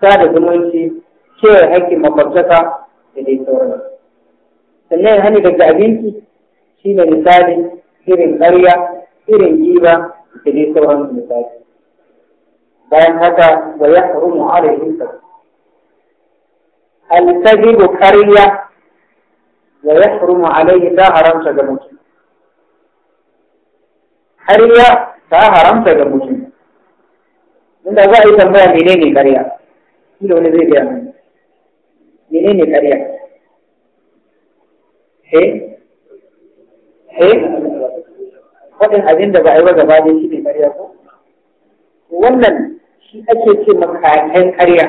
sada zumunci kewaye haƙƙin makwabtaka da dai sauran. sannan hani daga abinci shi ne misali irin ƙarya irin giba da dai sauran misali bayan haka da ya harumu alaihi alkazibu kariya. wa ya harumu alaihi ta haramta ga mutum ƙarya ta haramta ga mutum inda za a yi tambaya menene ƙarya shi da wani zai gaya mani menene kariya he he faɗin abin da ba a yi ba gaba ne shi ne kariya ko wannan shi ake ce ma kaken karya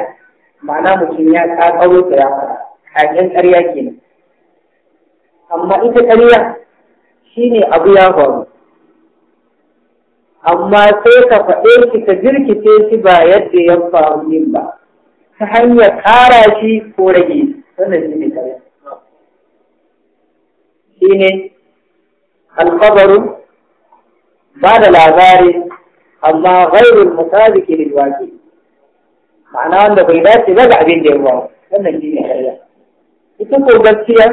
ma'ana mutum ya kakaro ta ya fara kaken ke kenan amma ita ƙarya shine abu ya faru amma sai ka faɗe shi ka jirkice shi ba yadda ya faru yin ba ta hanyar ƙara shi ko rage wannan shi ne karya shi ne alkabarin ba da labari amma ghairul mutaliki lil wajib ma'ana wanda bai dace ba ga abin da ya ruwa wannan shi ne karya ita ko gaskiya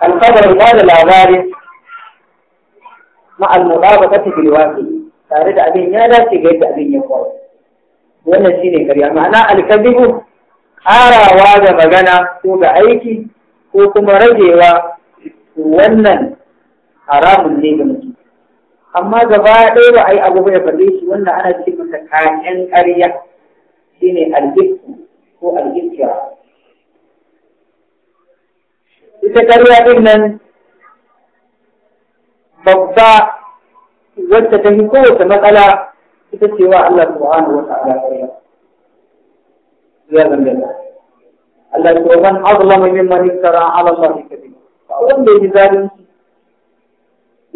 alkabar ma da labarin ma'al mudabaqati bil wajib tare da abin ya dace ga yadda abin ya ruwa wannan shi ne karya ma'ana kadibu ƙarawa da magana ko da aiki ko kuma ragewa wannan haramun ne ga mutum amma gaba ɗaya ba a yi abu ya bare shi wannan ana cikin masa kayan ƙarya ne algifku ko algifkira ita ƙarya ɗin nan babba wacce ta fi kowace matsala ita ce wa Allah subhanahu wa ta'ala ƙarya ya zambe Allah ce wa man azlama mimman iftara ala Allah kadhiba fa wanda yi zalunci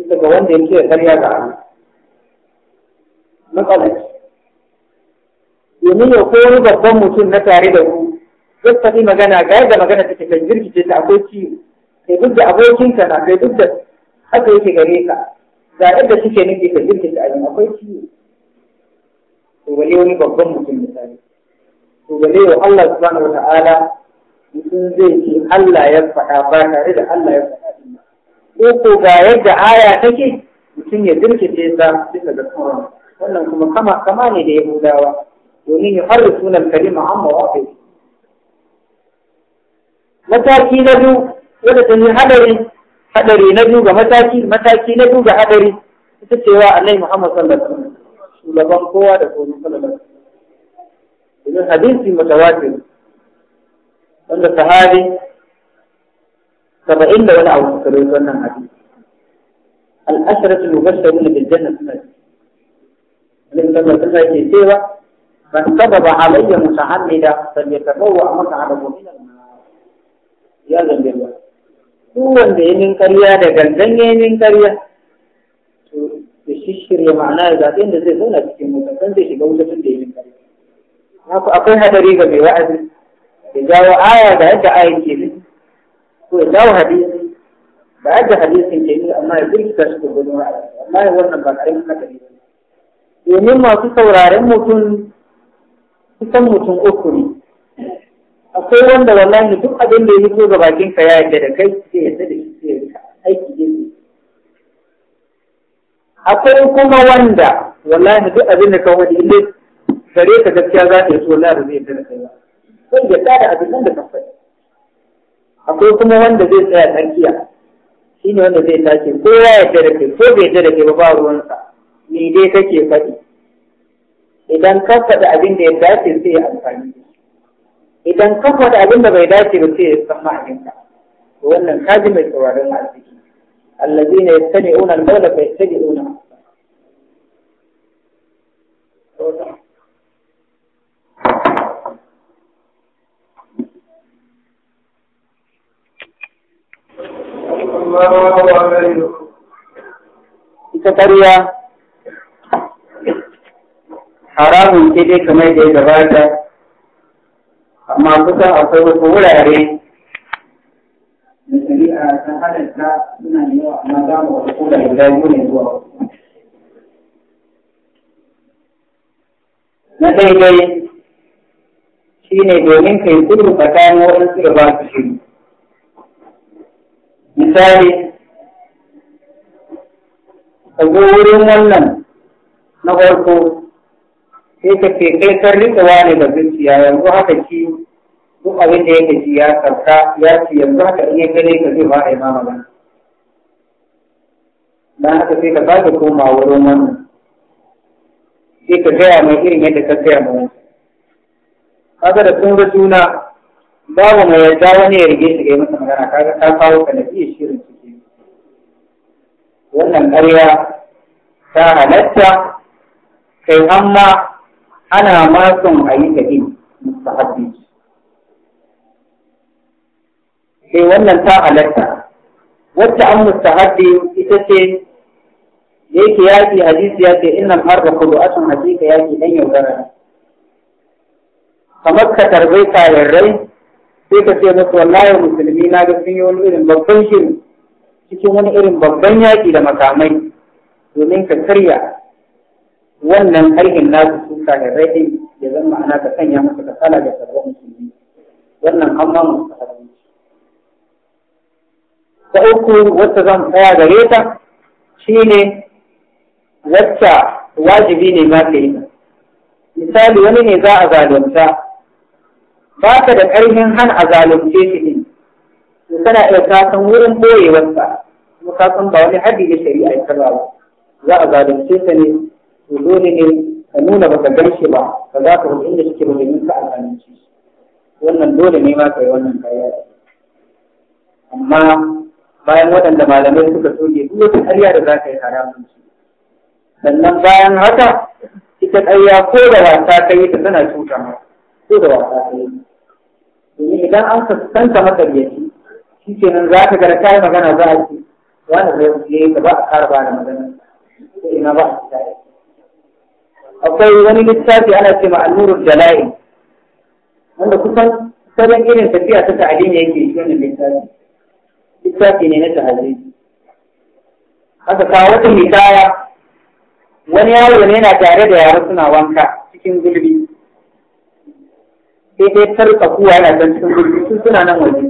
daga wanda yake da karya ga hannu Matsalai. domin ya koyi babban mutum na tare da ku zai tafi magana ga yadda magana take kan girgice ta akwai ciwo kai duk da abokinka na kai duk da haka yake gare ka ga yadda suke nufi kan girgice a yin akwai ciwo to wale wani babban mutum tare. to wale wa Allah subhanahu wa ta'ala mutum zai ce Allah ya faɗa ba tare da Allah ya faɗa ko ko ga yadda aya take mutum ya dirkice ta bisa ga tsoron wannan kuma kama kama ne da yahudawa domin ya fara sunan kalima amma wafi mataki na biyu wanda ta yi hadari hadari na biyu ga mataki mataki na biyu ga hadari ita cewa annabi Muhammad sallallahu alaihi wasallam shugaban kowa da kowa sallallahu alaihi wasallam hadisi mutawatir wanda sahabi saba'in da wani abu suka rawaito wannan hadisi al'asharatul mubashshiruna bil janna suna Annabi sallallahu alaihi wasallam yake cewa man kadaba alayya muta'ammida falyatabawwa maq'adahu min an-nar ya zambe ba duk wanda ya min karya da gangan ya min karya to da shishirya ma'ana ya zaɓi inda zai zauna cikin mutan zai shiga wuta tun da ya min karya haka akwai hadari ga mai wa'azi ya jawo aya da yadda aya ke ko ya dawo hadisi ba ga hadisin ke yi amma ya birkita shi da gudun amma ya wannan ba kare maka hadisi domin masu sauraren mutum kusan mutum uku ne akwai wanda wallahi duk abin da ya fito ga bakin ka ya yadda da kai sai ya da shi sai yadda aiki ne akwai kuma wanda wallahi duk abin da ka wani ilai gare ka gaskiya za ta yi so na da zai yadda da kai ba sai ya tsada abin da ka faɗi akwai kuma wanda zai tsaya tsakiya shi ne wanda zai tashi kowa ya da kai ko bai da kai ba ba ruwansa ni dai kake faɗi idan ka faɗi abin da ya dace sai ya amfani idan ka faɗi abin da bai dace ba sai ya san ma'aninka wannan kaji mai sauraron arziki allazina yastami'una al bai fa yattabi'una ƙarya haramun ce dai kamar da ya gabata amma kusan akwai wasu wurare da shari'a ta halatta suna da yawa amma za mu wasu kula guda biyu ne zuwa na daidai shi ne domin kai kudu tsakanin waɗansu da ba su shiri misali ka zo wurin wannan na farko sai ka ce kai kan rike wani da zuciya yanzu haka shi duk abin da yake ji ya karka ya ce yanzu haka in ya gane ka zai a imama ba dan haka sai ka sake koma wurin wannan sai ka gaya mai irin yadda ka gaya mai kaga da sun ga juna babu mai yarda wani ya rige shi ga masa magana kaga ka kawo ka iya shi wannan ƙarya ta halatta kai amma ana ma son a yi mustahabbi kai eh, wannan ta halatta wacce an mustahabbi ita ce da yake yaƙi hadisi ya ce innan har da kudu asun hakika yaƙi ɗan gara. kamar ka tarbai rai, sai ka ce musu wallahi musulmi na ga sun yi wani irin babban shirin cikin wani irin babban yaƙi da makamai domin ka karya wannan harkin nasu su da rai ya zama ana ka sanya masa kasala da sabon musulmi wannan an ma musu ta uku wacce zan tsaya gare ta shine wacce wajibi ne ma ka yi misali wani ne za a zalunta ba ka da ƙarfin hana a zalunce shi ne to kana iya kasan wurin boyewarsa kuma kasan ba wani haddi da shari'a ya karba ba za a zalunce ka ne to dole ne ka nuna baka gaishe ba ka za ka wuce inda suke ba domin ka alhalanci wannan dole ne ma ka yi wannan kaya amma bayan waɗanda malamai suka soke duk wata ƙarya da za ka yi haramun ci sannan bayan haka ita ƙarya ko da wasa ka yi ta tana cuta ma ko da wasa ka yi domin idan an maka makaryaci shi ke nan za ka gara kayan magana za a ce wani zai wuce ya ba a kara ba da magana ko ina ba a fita akwai wani littafi ana ce ma al-nurul jala'i wanda kusan sabon irin tafiya ta ta'adin yake shi wannan littafi littafi ne na tahajji haka kawo wata hikaya wani yaro ne yana tare da yaro suna wanka cikin gulbi sai dai tarka kuwa yana can cikin gulbi sun suna nan waje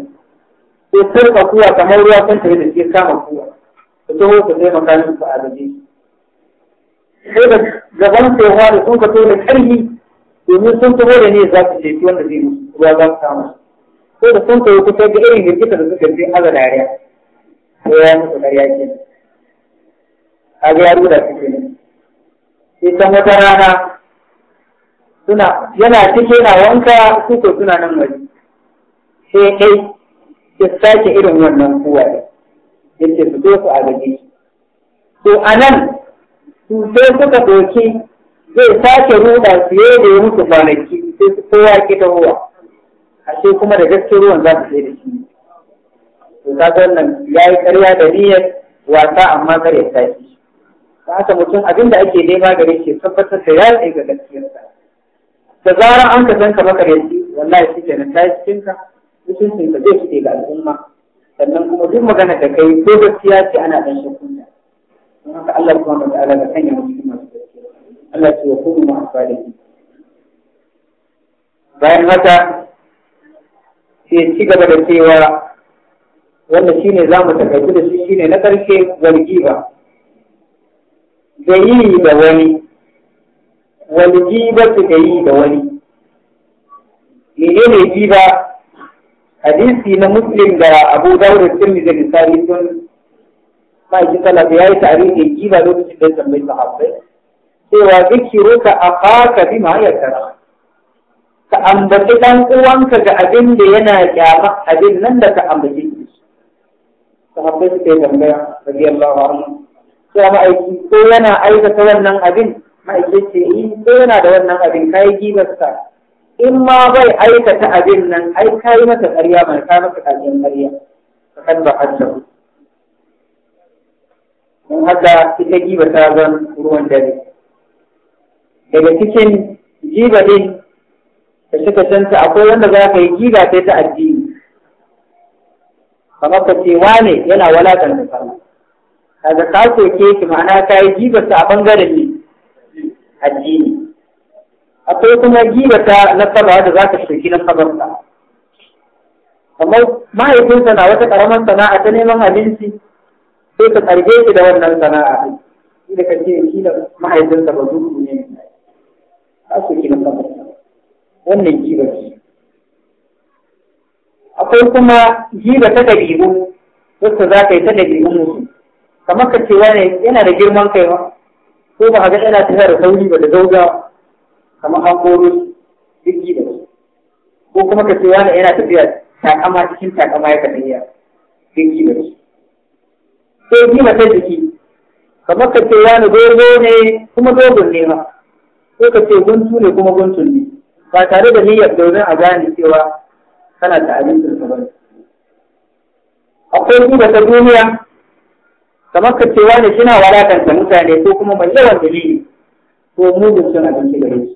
sai turka kuwa kamar ruwa sun tare da ke kama kuwa da taho ku sai makamin su a gaji sai da gaban sai da sun ka da karfi domin sun taho da ne za su jefi wanda zai musu ruwa za su kama sai da sun taho kusa ga irin girgita da suka je aza dariya sai ya musu dariya ke a ga yaro da suke ne sai can wata rana suna yana cike na wanka su ko suna nan waje sai dai ya sake irin wannan kowa da yake su zo su a to a nan su sai suka doki zai sake ruɗa fiye da ya mutu kwanaki sai su kowa ke ta ruwa ashe kuma da gaske ruwan za su sai da shi to kaga wannan ya yi karya da niyyar wasa amma kar ya sake shi ta haka mutum abin da ake nema gare shi tabbatar da ya tsaye ga gaskiyarsa da zarar an ka san ka maka wallahi shi ke na tashi cinka, mutuncin ka zai fice ga al'umma sannan kuma duk magana da kai ko gaskiya ce ana dan shakkun da don haka Allah subhanahu wa ta'ala ga sanya mu cikin masu gaskiya Allah ce wa kullu mu'afalihi bayan haka sai ci gaba da cewa wanda shine zamu mu takaitu da shi shine na ƙarshe walgiba da yi da wani walgiba su da yi da wani menene giba hadisi na muslim da abu daular tirmi da misali sun ma'aikin sallah ya yi tarihi giba lokacin da ya tambayi sahabbai cewa zikiru ka akaka bi ma ya tara ka ambaci dan uwanka ga abin da yana kyama abin nan da ka ambaci shi sahabbai suka yi tambaya radiyallahu anhu cewa ma'aiki ko yana aikata wannan abin ma'aiki ce yi eh, ko yana da wannan abin kai gibarsa in ma bai aikata abin nan ai kai masa ƙarya mai ka masa ƙarshen ƙarya ka kan ba hadda Mun haka ita giba ta zan ruwan dare daga cikin giba din da suka canta akwai wanda za ka yi giba sai ta addini kamar ka ce wane yana walatar da fara kaga ka soke shi ma'ana ka yi giba ta a bangaren ne addini akwai kuma gibata na saba da za ka shirki na ta. kamar mahaifinsa na wata ƙaramar sana'a ta neman abinci sai ka karge shi da wannan sana'a da ka ce shi da mahaifinsa ba zuwa ne Za su shi na ta. wannan gibaci akwai kuma gibata ta ɗabi'u wasu za ka yi ta ɗabi'u musu kamar ka ce wani yana da girman kai ba. ko ba ka ga yana tafiya da sauri ba da gaugawa kamar haƙorin jirgi da su ko kuma ka ce wani yana tafiya takama cikin takama ya kaɗan ya jirgi da su sai ji mata jiki kamar ka ce wani dogo ne kuma dogon ne ma ko ka ce guntu ne kuma guntun ne ba tare da niyyar domin a gane cewa kana da abincin ka bane akwai duba ta duniya kamar ka ce wani shi na walakanta mutane ko kuma mai yawan dalili ko mugun suna abinci gare su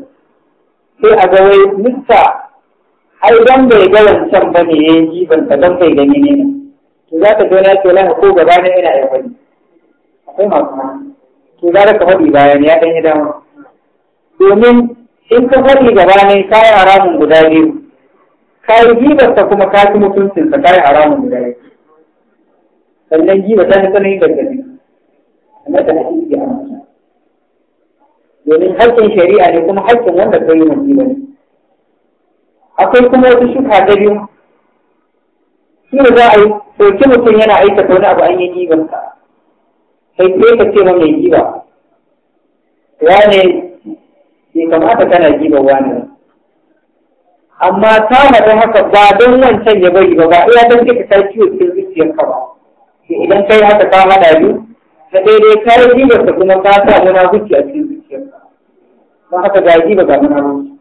sai a gawai mista ai don bai ga wancan ba ne yi ban ta don bai gani ne to za ka ga na ce lana ko gaba ne ina ya bani akwai masu ma to za ka faɗi bayan ya ɗan yi dama domin in ka faɗi gaba ne ka yi haramun guda biyu ka yi ta kuma ka ci mutuncinsa ka yi haramun guda biyu sannan gibar ta fi tsananin gargaɗi domin haƙƙin shari'a ne kuma haƙƙin wanda ka yi wani ne akwai kuma wasu shuka ta biyu shi ne za a yi ɗauki mutum yana aikata wani abu an yi gibansa sai ko ka ce ma mai giba ne bai kamata kana wa ne. amma ta faɗi haka ba don wancan ya bari ba ba iya don kika ta ciwo cikin zuciyarka ba idan kai haka ta haɗa biyu ka daidai kayan da kuma ka sa munafuci a cikin zuciyarka Ba haka ga riba ga munafuci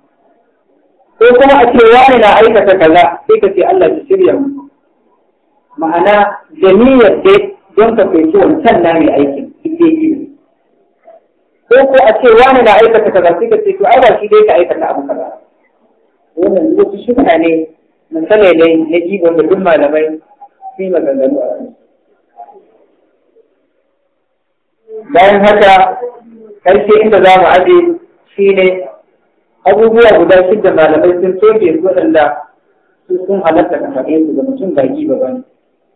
ko kuma a ce wani na aikata kaza sai ka ce Allah ya shirya mu ma'ana jami'ar dai don ka fahimci wancan na mai aikin ita yi ko ko a ce wani na aikata kaza sai ka ce to ai ba shi dai ka aikata abu kaza wannan lokaci shubha ne misali ne na jibin da duk malamai sai maganganu a ranar bayan haka karfe inda za mu aje shi ne abubuwa guda shidda malamai sun soke su waɗanda su sun halatta haɗe su ga mutum baki ba ne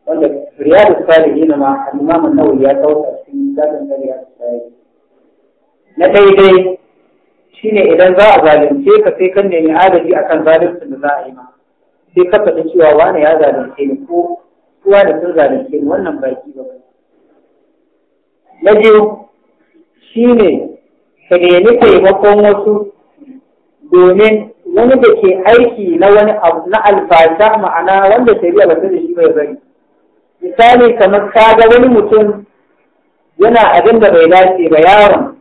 wanda riyadu salihin ma al-imam an ya kawo a cikin zakan riyadu salihin na daidai ne idan za a zalunce ka sai kan nemi adali kan zaluncin da za a yi ma sai ka faɗi cewa wane ya zalunce ni ko kowa da sun zalunce ni wannan baki ba na biyu shi ne ka nemi taimakon wasu domin wani da ke aiki na wani abu na albasa ma'ana wanda shari'a ba da shi bai bari misali kamar kaga wani mutum yana abin da bai dace ba yaron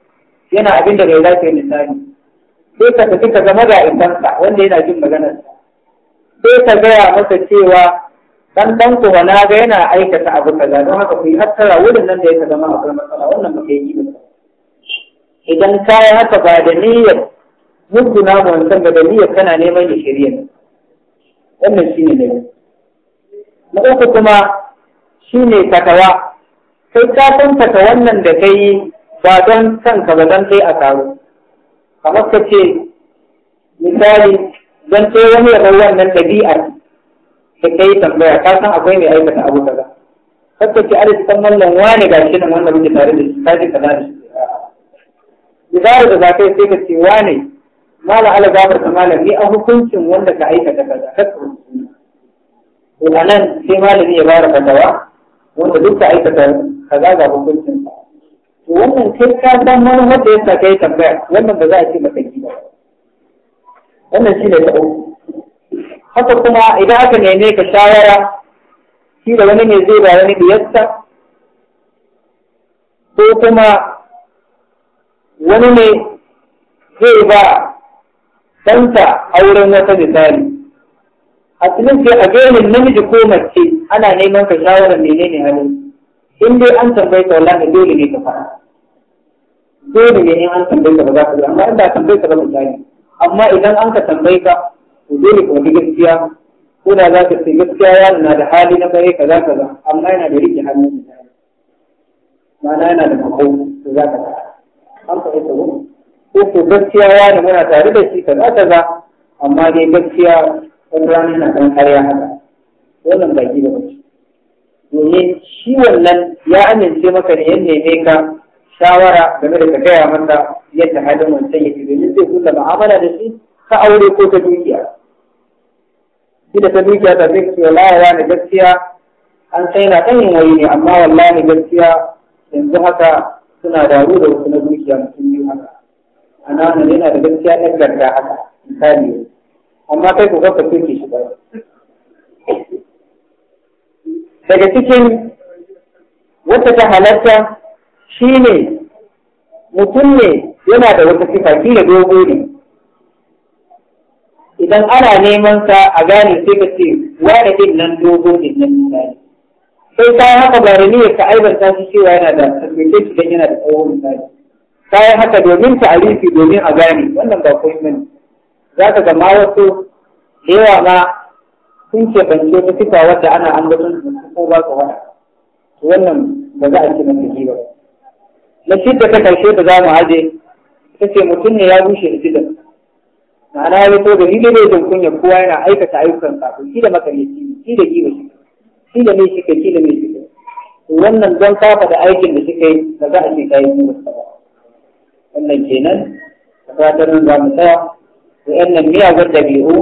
yana abin da bai dace misali sai ka tafi ka ga magaitansa wanda yana jin maganarsa sai ka gaya masa cewa dan dan kuma na ga yana aikata abu kaza don haka ku yi hattara wurin nan da ya zama akwai matsala wannan muke yi ba idan ka yi haka ba da niyyar na mu wancan ba da niyyar kana neman ya shirya wannan shine ne na uku kuma shine takawa sai ka san taka wannan da ka yi ba don kanka ba don kai a taro kamar ka ce misali don sai wani ya wannan ɗabi'ar ta kai tambaya ka san akwai mai aikata abu kaza kakka ki a san wannan wani ga shi nan wannan muke tare da shi ka ji kaza da shi bizarre da zakai sai ka ce wani mala ala gabar mala malami a hukuncin wanda ka aikata kaza kakka to a nan sai malami ya bara fatawa wanda duk ka aikata kaza ga hukuncin to wannan kai ka san manufar da yasa kai tambaya wannan ba za a ce maka ba wannan shi ne ta uku haka kuma idan aka neme ka shawara shi da wani ne zai ba wani biyarsa ko kuma wani ne zai ba ɗanta auren wata misali a cikin sai a genin namiji ko mace ana neman ka shawara menene halin in dai an tambaye ka wallahi dole ne ka fara dole ne ne an tambaye ka ba za ka amma idan ba tambaye ka ba ka amma idan an ka tambaye ka Ku dole ku wani gaskiya ko da za ka ce gaskiya yaro na da hali na kai kaza kaza amma yana da riƙe hannu misali ma'ana yana da mako to za ka faɗa an faɗi ta ko ko gaskiya yaro muna tare da shi kaza kaza amma dai gaskiya wani rana na ɗan kare haka wannan baki da baki domin shi wannan ya amince maka ne ya neme ka shawara game da ka gaya masa yadda halin wancan yake domin zai kulla ma'amala da shi ka aure ko ta dukiya da ta dukiya ta zai ce wallahi ya ne gaskiya an sai na kan wayi ne amma wallahi gaskiya yanzu haka suna daru da wasu na dukiya mutum biyu haka ana nan yana da gaskiya ɗan da haka misali amma kai ku kafa soke shi ba daga cikin wata ta halarta shi ne mutum ne yana da wata sifa ne dogo ne dan ana neman sa a gane sai ka ce da din nan dogo din nan misali sai ka yi haka ba da niyyar ka aibanta shi cewa yana da tsakaice shi dan yana da tsawo misali ka yi haka domin ta alifi domin a gane wannan ba komai bane za ka ga ma wasu da yawa ma sun ce ban ce ta sifa wadda ana ga sun ko ba su ba? wannan ba za a ce mafi ba na da ta karshe da za mu haje ta ce mutum ne ya bushe da ma'ana ya to da lile bai jin kunya kowa yana aikata ayyukan kafin shi da makaryaci shi da giba shi shi da mai shika shi da mai shika wannan don kafa da aikin da suka yi ba za a ce ta yi giba ba wannan kenan a fatar nan za mu tsaya wa'annan miyagun dabi'u,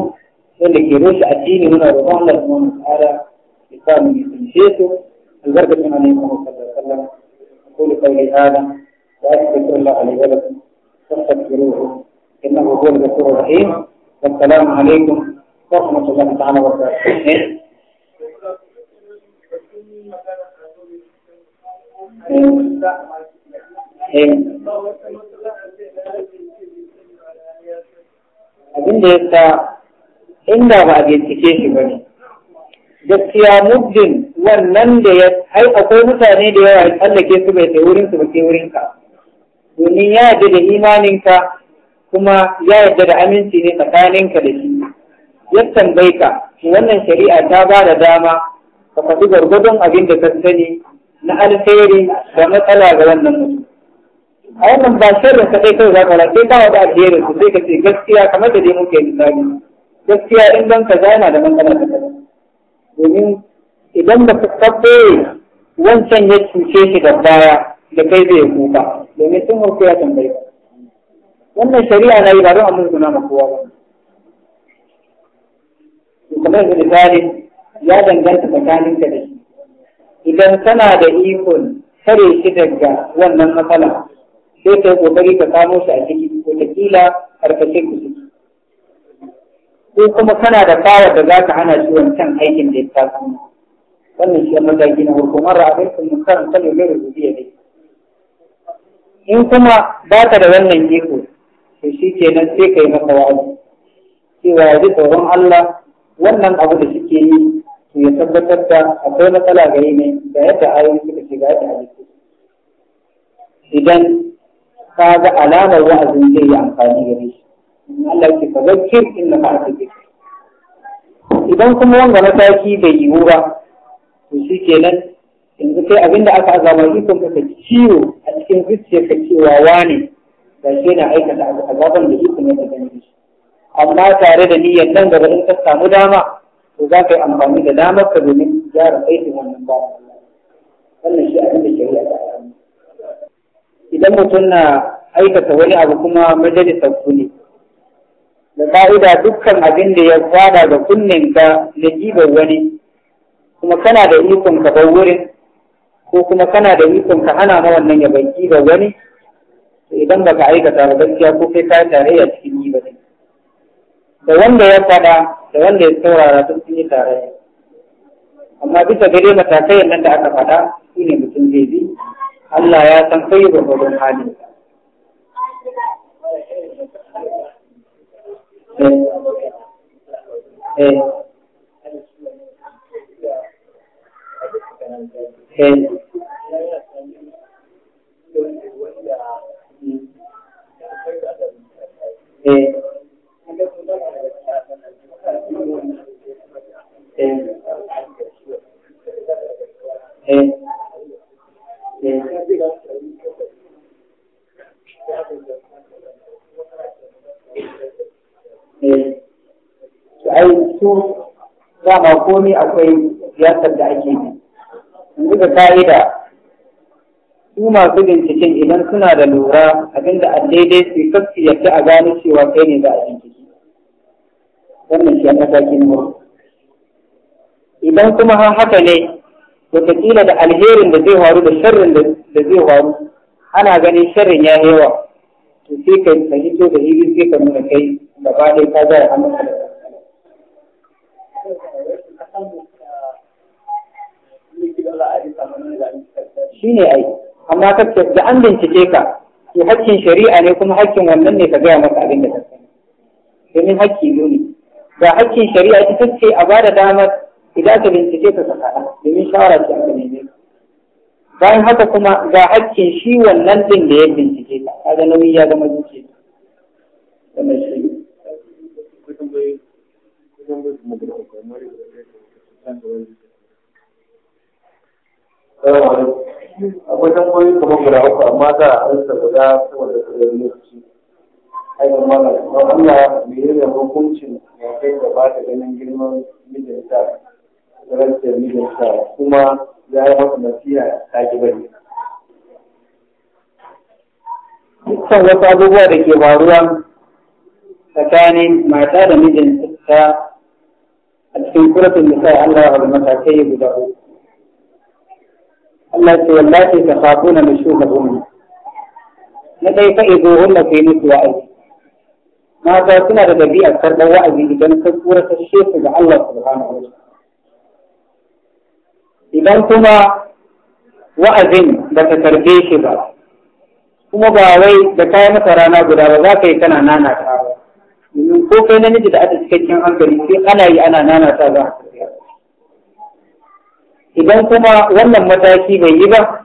wanda ke roshi rushe addini muna roƙon Allah subhanahu wa ta'ala ya sa mu nisance su albarkacin annabi Muhammad sallallahu alaihi wasallam أقول قولي هذا وأستغفر الله لي ولكم فاستغفروه إنه هو الغفور الرحيم والسلام عليكم ورحمة الله تعالى وبركاته abin ya sa inda ba a bincike shi ba ne gaskiya muddin wannan da ya ai akwai mutane da yawa ya tsallake su bai sai wurinsu ba sai wurinka domin ya da imaninka kuma ya yarda da aminci ne tsakaninka da shi ya tambaye ka wannan shari'a ta ba da dama ka faɗi gwargwadon abin da ka sani na alheri da matsala ga wannan mutum a wannan ba shirin ka dai kawai za ka rake ba wata alherin su sai ka ce gaskiya kamar da dai muke misali gaskiya in ban ka zana da matsala ta kaza domin idan ba ka tabbe wancan ya cuce shi da baya da kai zai kuka domin sun hauka ya tambaye ka wannan shari'a na yi ba don a musguna ma kowa ba kamar yanzu misali ya danganta tsakanin da shi idan kana da ikon tare shi daga wannan matsala sai ka yi ƙoƙari ka samo shi a ciki wataƙila harkace ku ciki ko kuma kana da kawa da za ka hana shi wancan aikin da ya taso wannan shi mataki na gina mara abin sun mukaran kan yau da rubiya ne in kuma ba ka da wannan iko to shi kenan sai kai masa wa'azi cewa ya ji tsoron Allah wannan abu da suke yi to ya tabbatar da akwai matsala gare ne da yadda ayoyi suka shiga da hadisi idan ka ga alamar wa'azin zai yi amfani gare shi Allah ke fagakir inna ka zikir idan kuma wanga mataki bai yiwu ba to shi kenan yanzu kai abinda aka azama ikon ka ciwo a cikin zuciyarka cewa wane gashi na aikata azaban da ikon yadda gani shi amma tare da niyyar nan gaba in ka samu dama to za ka yi amfani da damar ka domin gyara aikin wannan ba wannan shi abin da shari'a ta idan mutum na aikata wani abu kuma majalisar ku ne da ka'ida dukkan abin da ya fada ga kunnen ka na jibar wani kuma kana da ikon ka bar wurin ko kuma kana da ikon ka hana ma wannan ya bai jibar wani idan ba ka aikata ba gaskiya ko kai ka tarayya cikin yi ba ne da wanda ya fada da wanda ya saurara sun sun yi tarayya amma bisa gare matakai nan da aka fada su ne mutum zai bi Allah ya san kai gwagwagon halin Eh. Eh. Eh. eh eh akwai siyasar da ake yi yanzu da ka'ida su masu binciken idan suna da lura abinda a daidai su kasu yadda a gano cewa kai ne za a bincike wannan shi a matakin mu idan kuma har haka ne wataƙila da alherin da zai faru da sharrin da zai faru ana ganin sharrin ya yawa to sai ka fahimto da hibin sai ka nuna kai ba dai ka zara hannun ka shi ne aiki. amma ka da an bincike ka to hakkin shari'a ne kuma hakkin wannan ne ka gaya maka abin da ka sani domin hakki biyu ne ga hakkin shari'a ita ce a ba da damar idan ka bincike ka ka domin shawara ce aka neme bayan haka kuma ga hakkin shi wannan din da ya bincike ka A ga nauyi ya zama da mai shi akwai tambayoyi kamar guda uku amma za a ansa guda saboda kudin lokaci ainihin mana don Allah me da hukuncin ya kai da ba ta ganin girman mijinta rantsa mijinta kuma ya yi masa nasiha ta ki bari dukkan wasu abubuwa da ke faruwa tsakanin mata da mijinta a cikin kuratun da sai Allah ya matakai guda uku Allah ce wallahi ka khafu na shuka gumi. na dai ka ido hunna kai musu wa'azi mata suna da dabi'ar karɓar wa'azi idan ka tura ta shefu ga Allah subhanahu wa idan kuma wa'azin ba ka karbe shi ba kuma ba wai da yi masa rana guda ba za ka yi kana nana ta ko kai namiji da aka cikakken hankali sai ana yi ana nana ta za ka idan kuma wannan mataki bai yi ba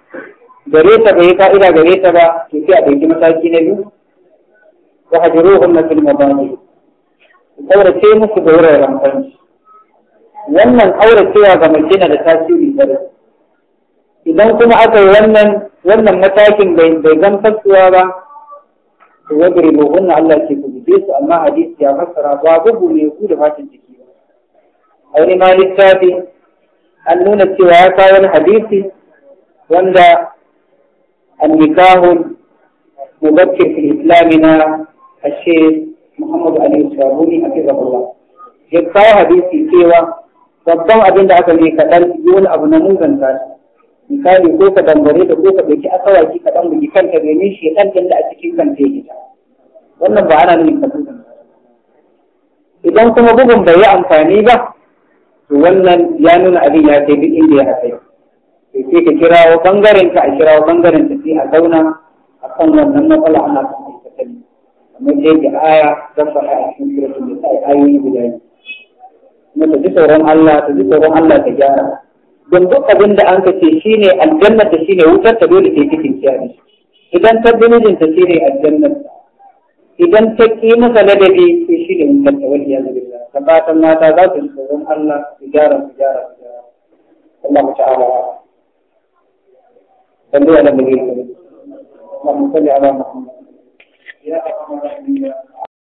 gare ta bai yi fa'ida gare ta ba to sai a ɗauki mataki na biyu wa hajruhum na fil mabani kaurace musu da wuraren kansu wannan cewa ga mace na da tasiri da idan kuma aka yi wannan wannan matakin bai bai gamsarwa ba to ba buhunna Allah ke ku su amma hadisi ya fassara ba gugu ne ku da fatin jiki ba a wani ma littafi an nuna cewa ya kawo wani hadisi wanda annikahun mubakkir fil islami na ashe muhammadu ali shabuni a kizabullah ya kawo hadisi cewa babban abin da aka je kaɗan yi wani abu na muzanta misali ko ka dambare da ko ka ɗauki asawaki ka ɗan bugi kanta domin shi ɗan ɗin da a cikin kanta ya fita wannan ba ana nuna ka idan kuma bugun bai yi amfani ba to wannan ya nuna abin ya kai duk inda ya kai to sai ka kirawo bangaren ka a kirawo bangaren ta sai a zauna a kan wannan matsala ana kan kai ne kamar yadda aya zan faɗa a cikin suratul nisa ayoyi guda ne kuma ta ji sauran Allah ta ji sauran Allah ta gyara don duk abin da an shi ne aljannar ta ne wutar ta dole ta yi cikin kiyaye idan ta bi mijinta shine aljanna idan ta ƙi masa ladabi to ne wutar ta wani yanzu da mata za su yi tsoron Allah su gyara su gyara su gyara Allah mu ta'ala dan da yana mun yi Allah mu salli ala Muhammad ya arhamar rahimin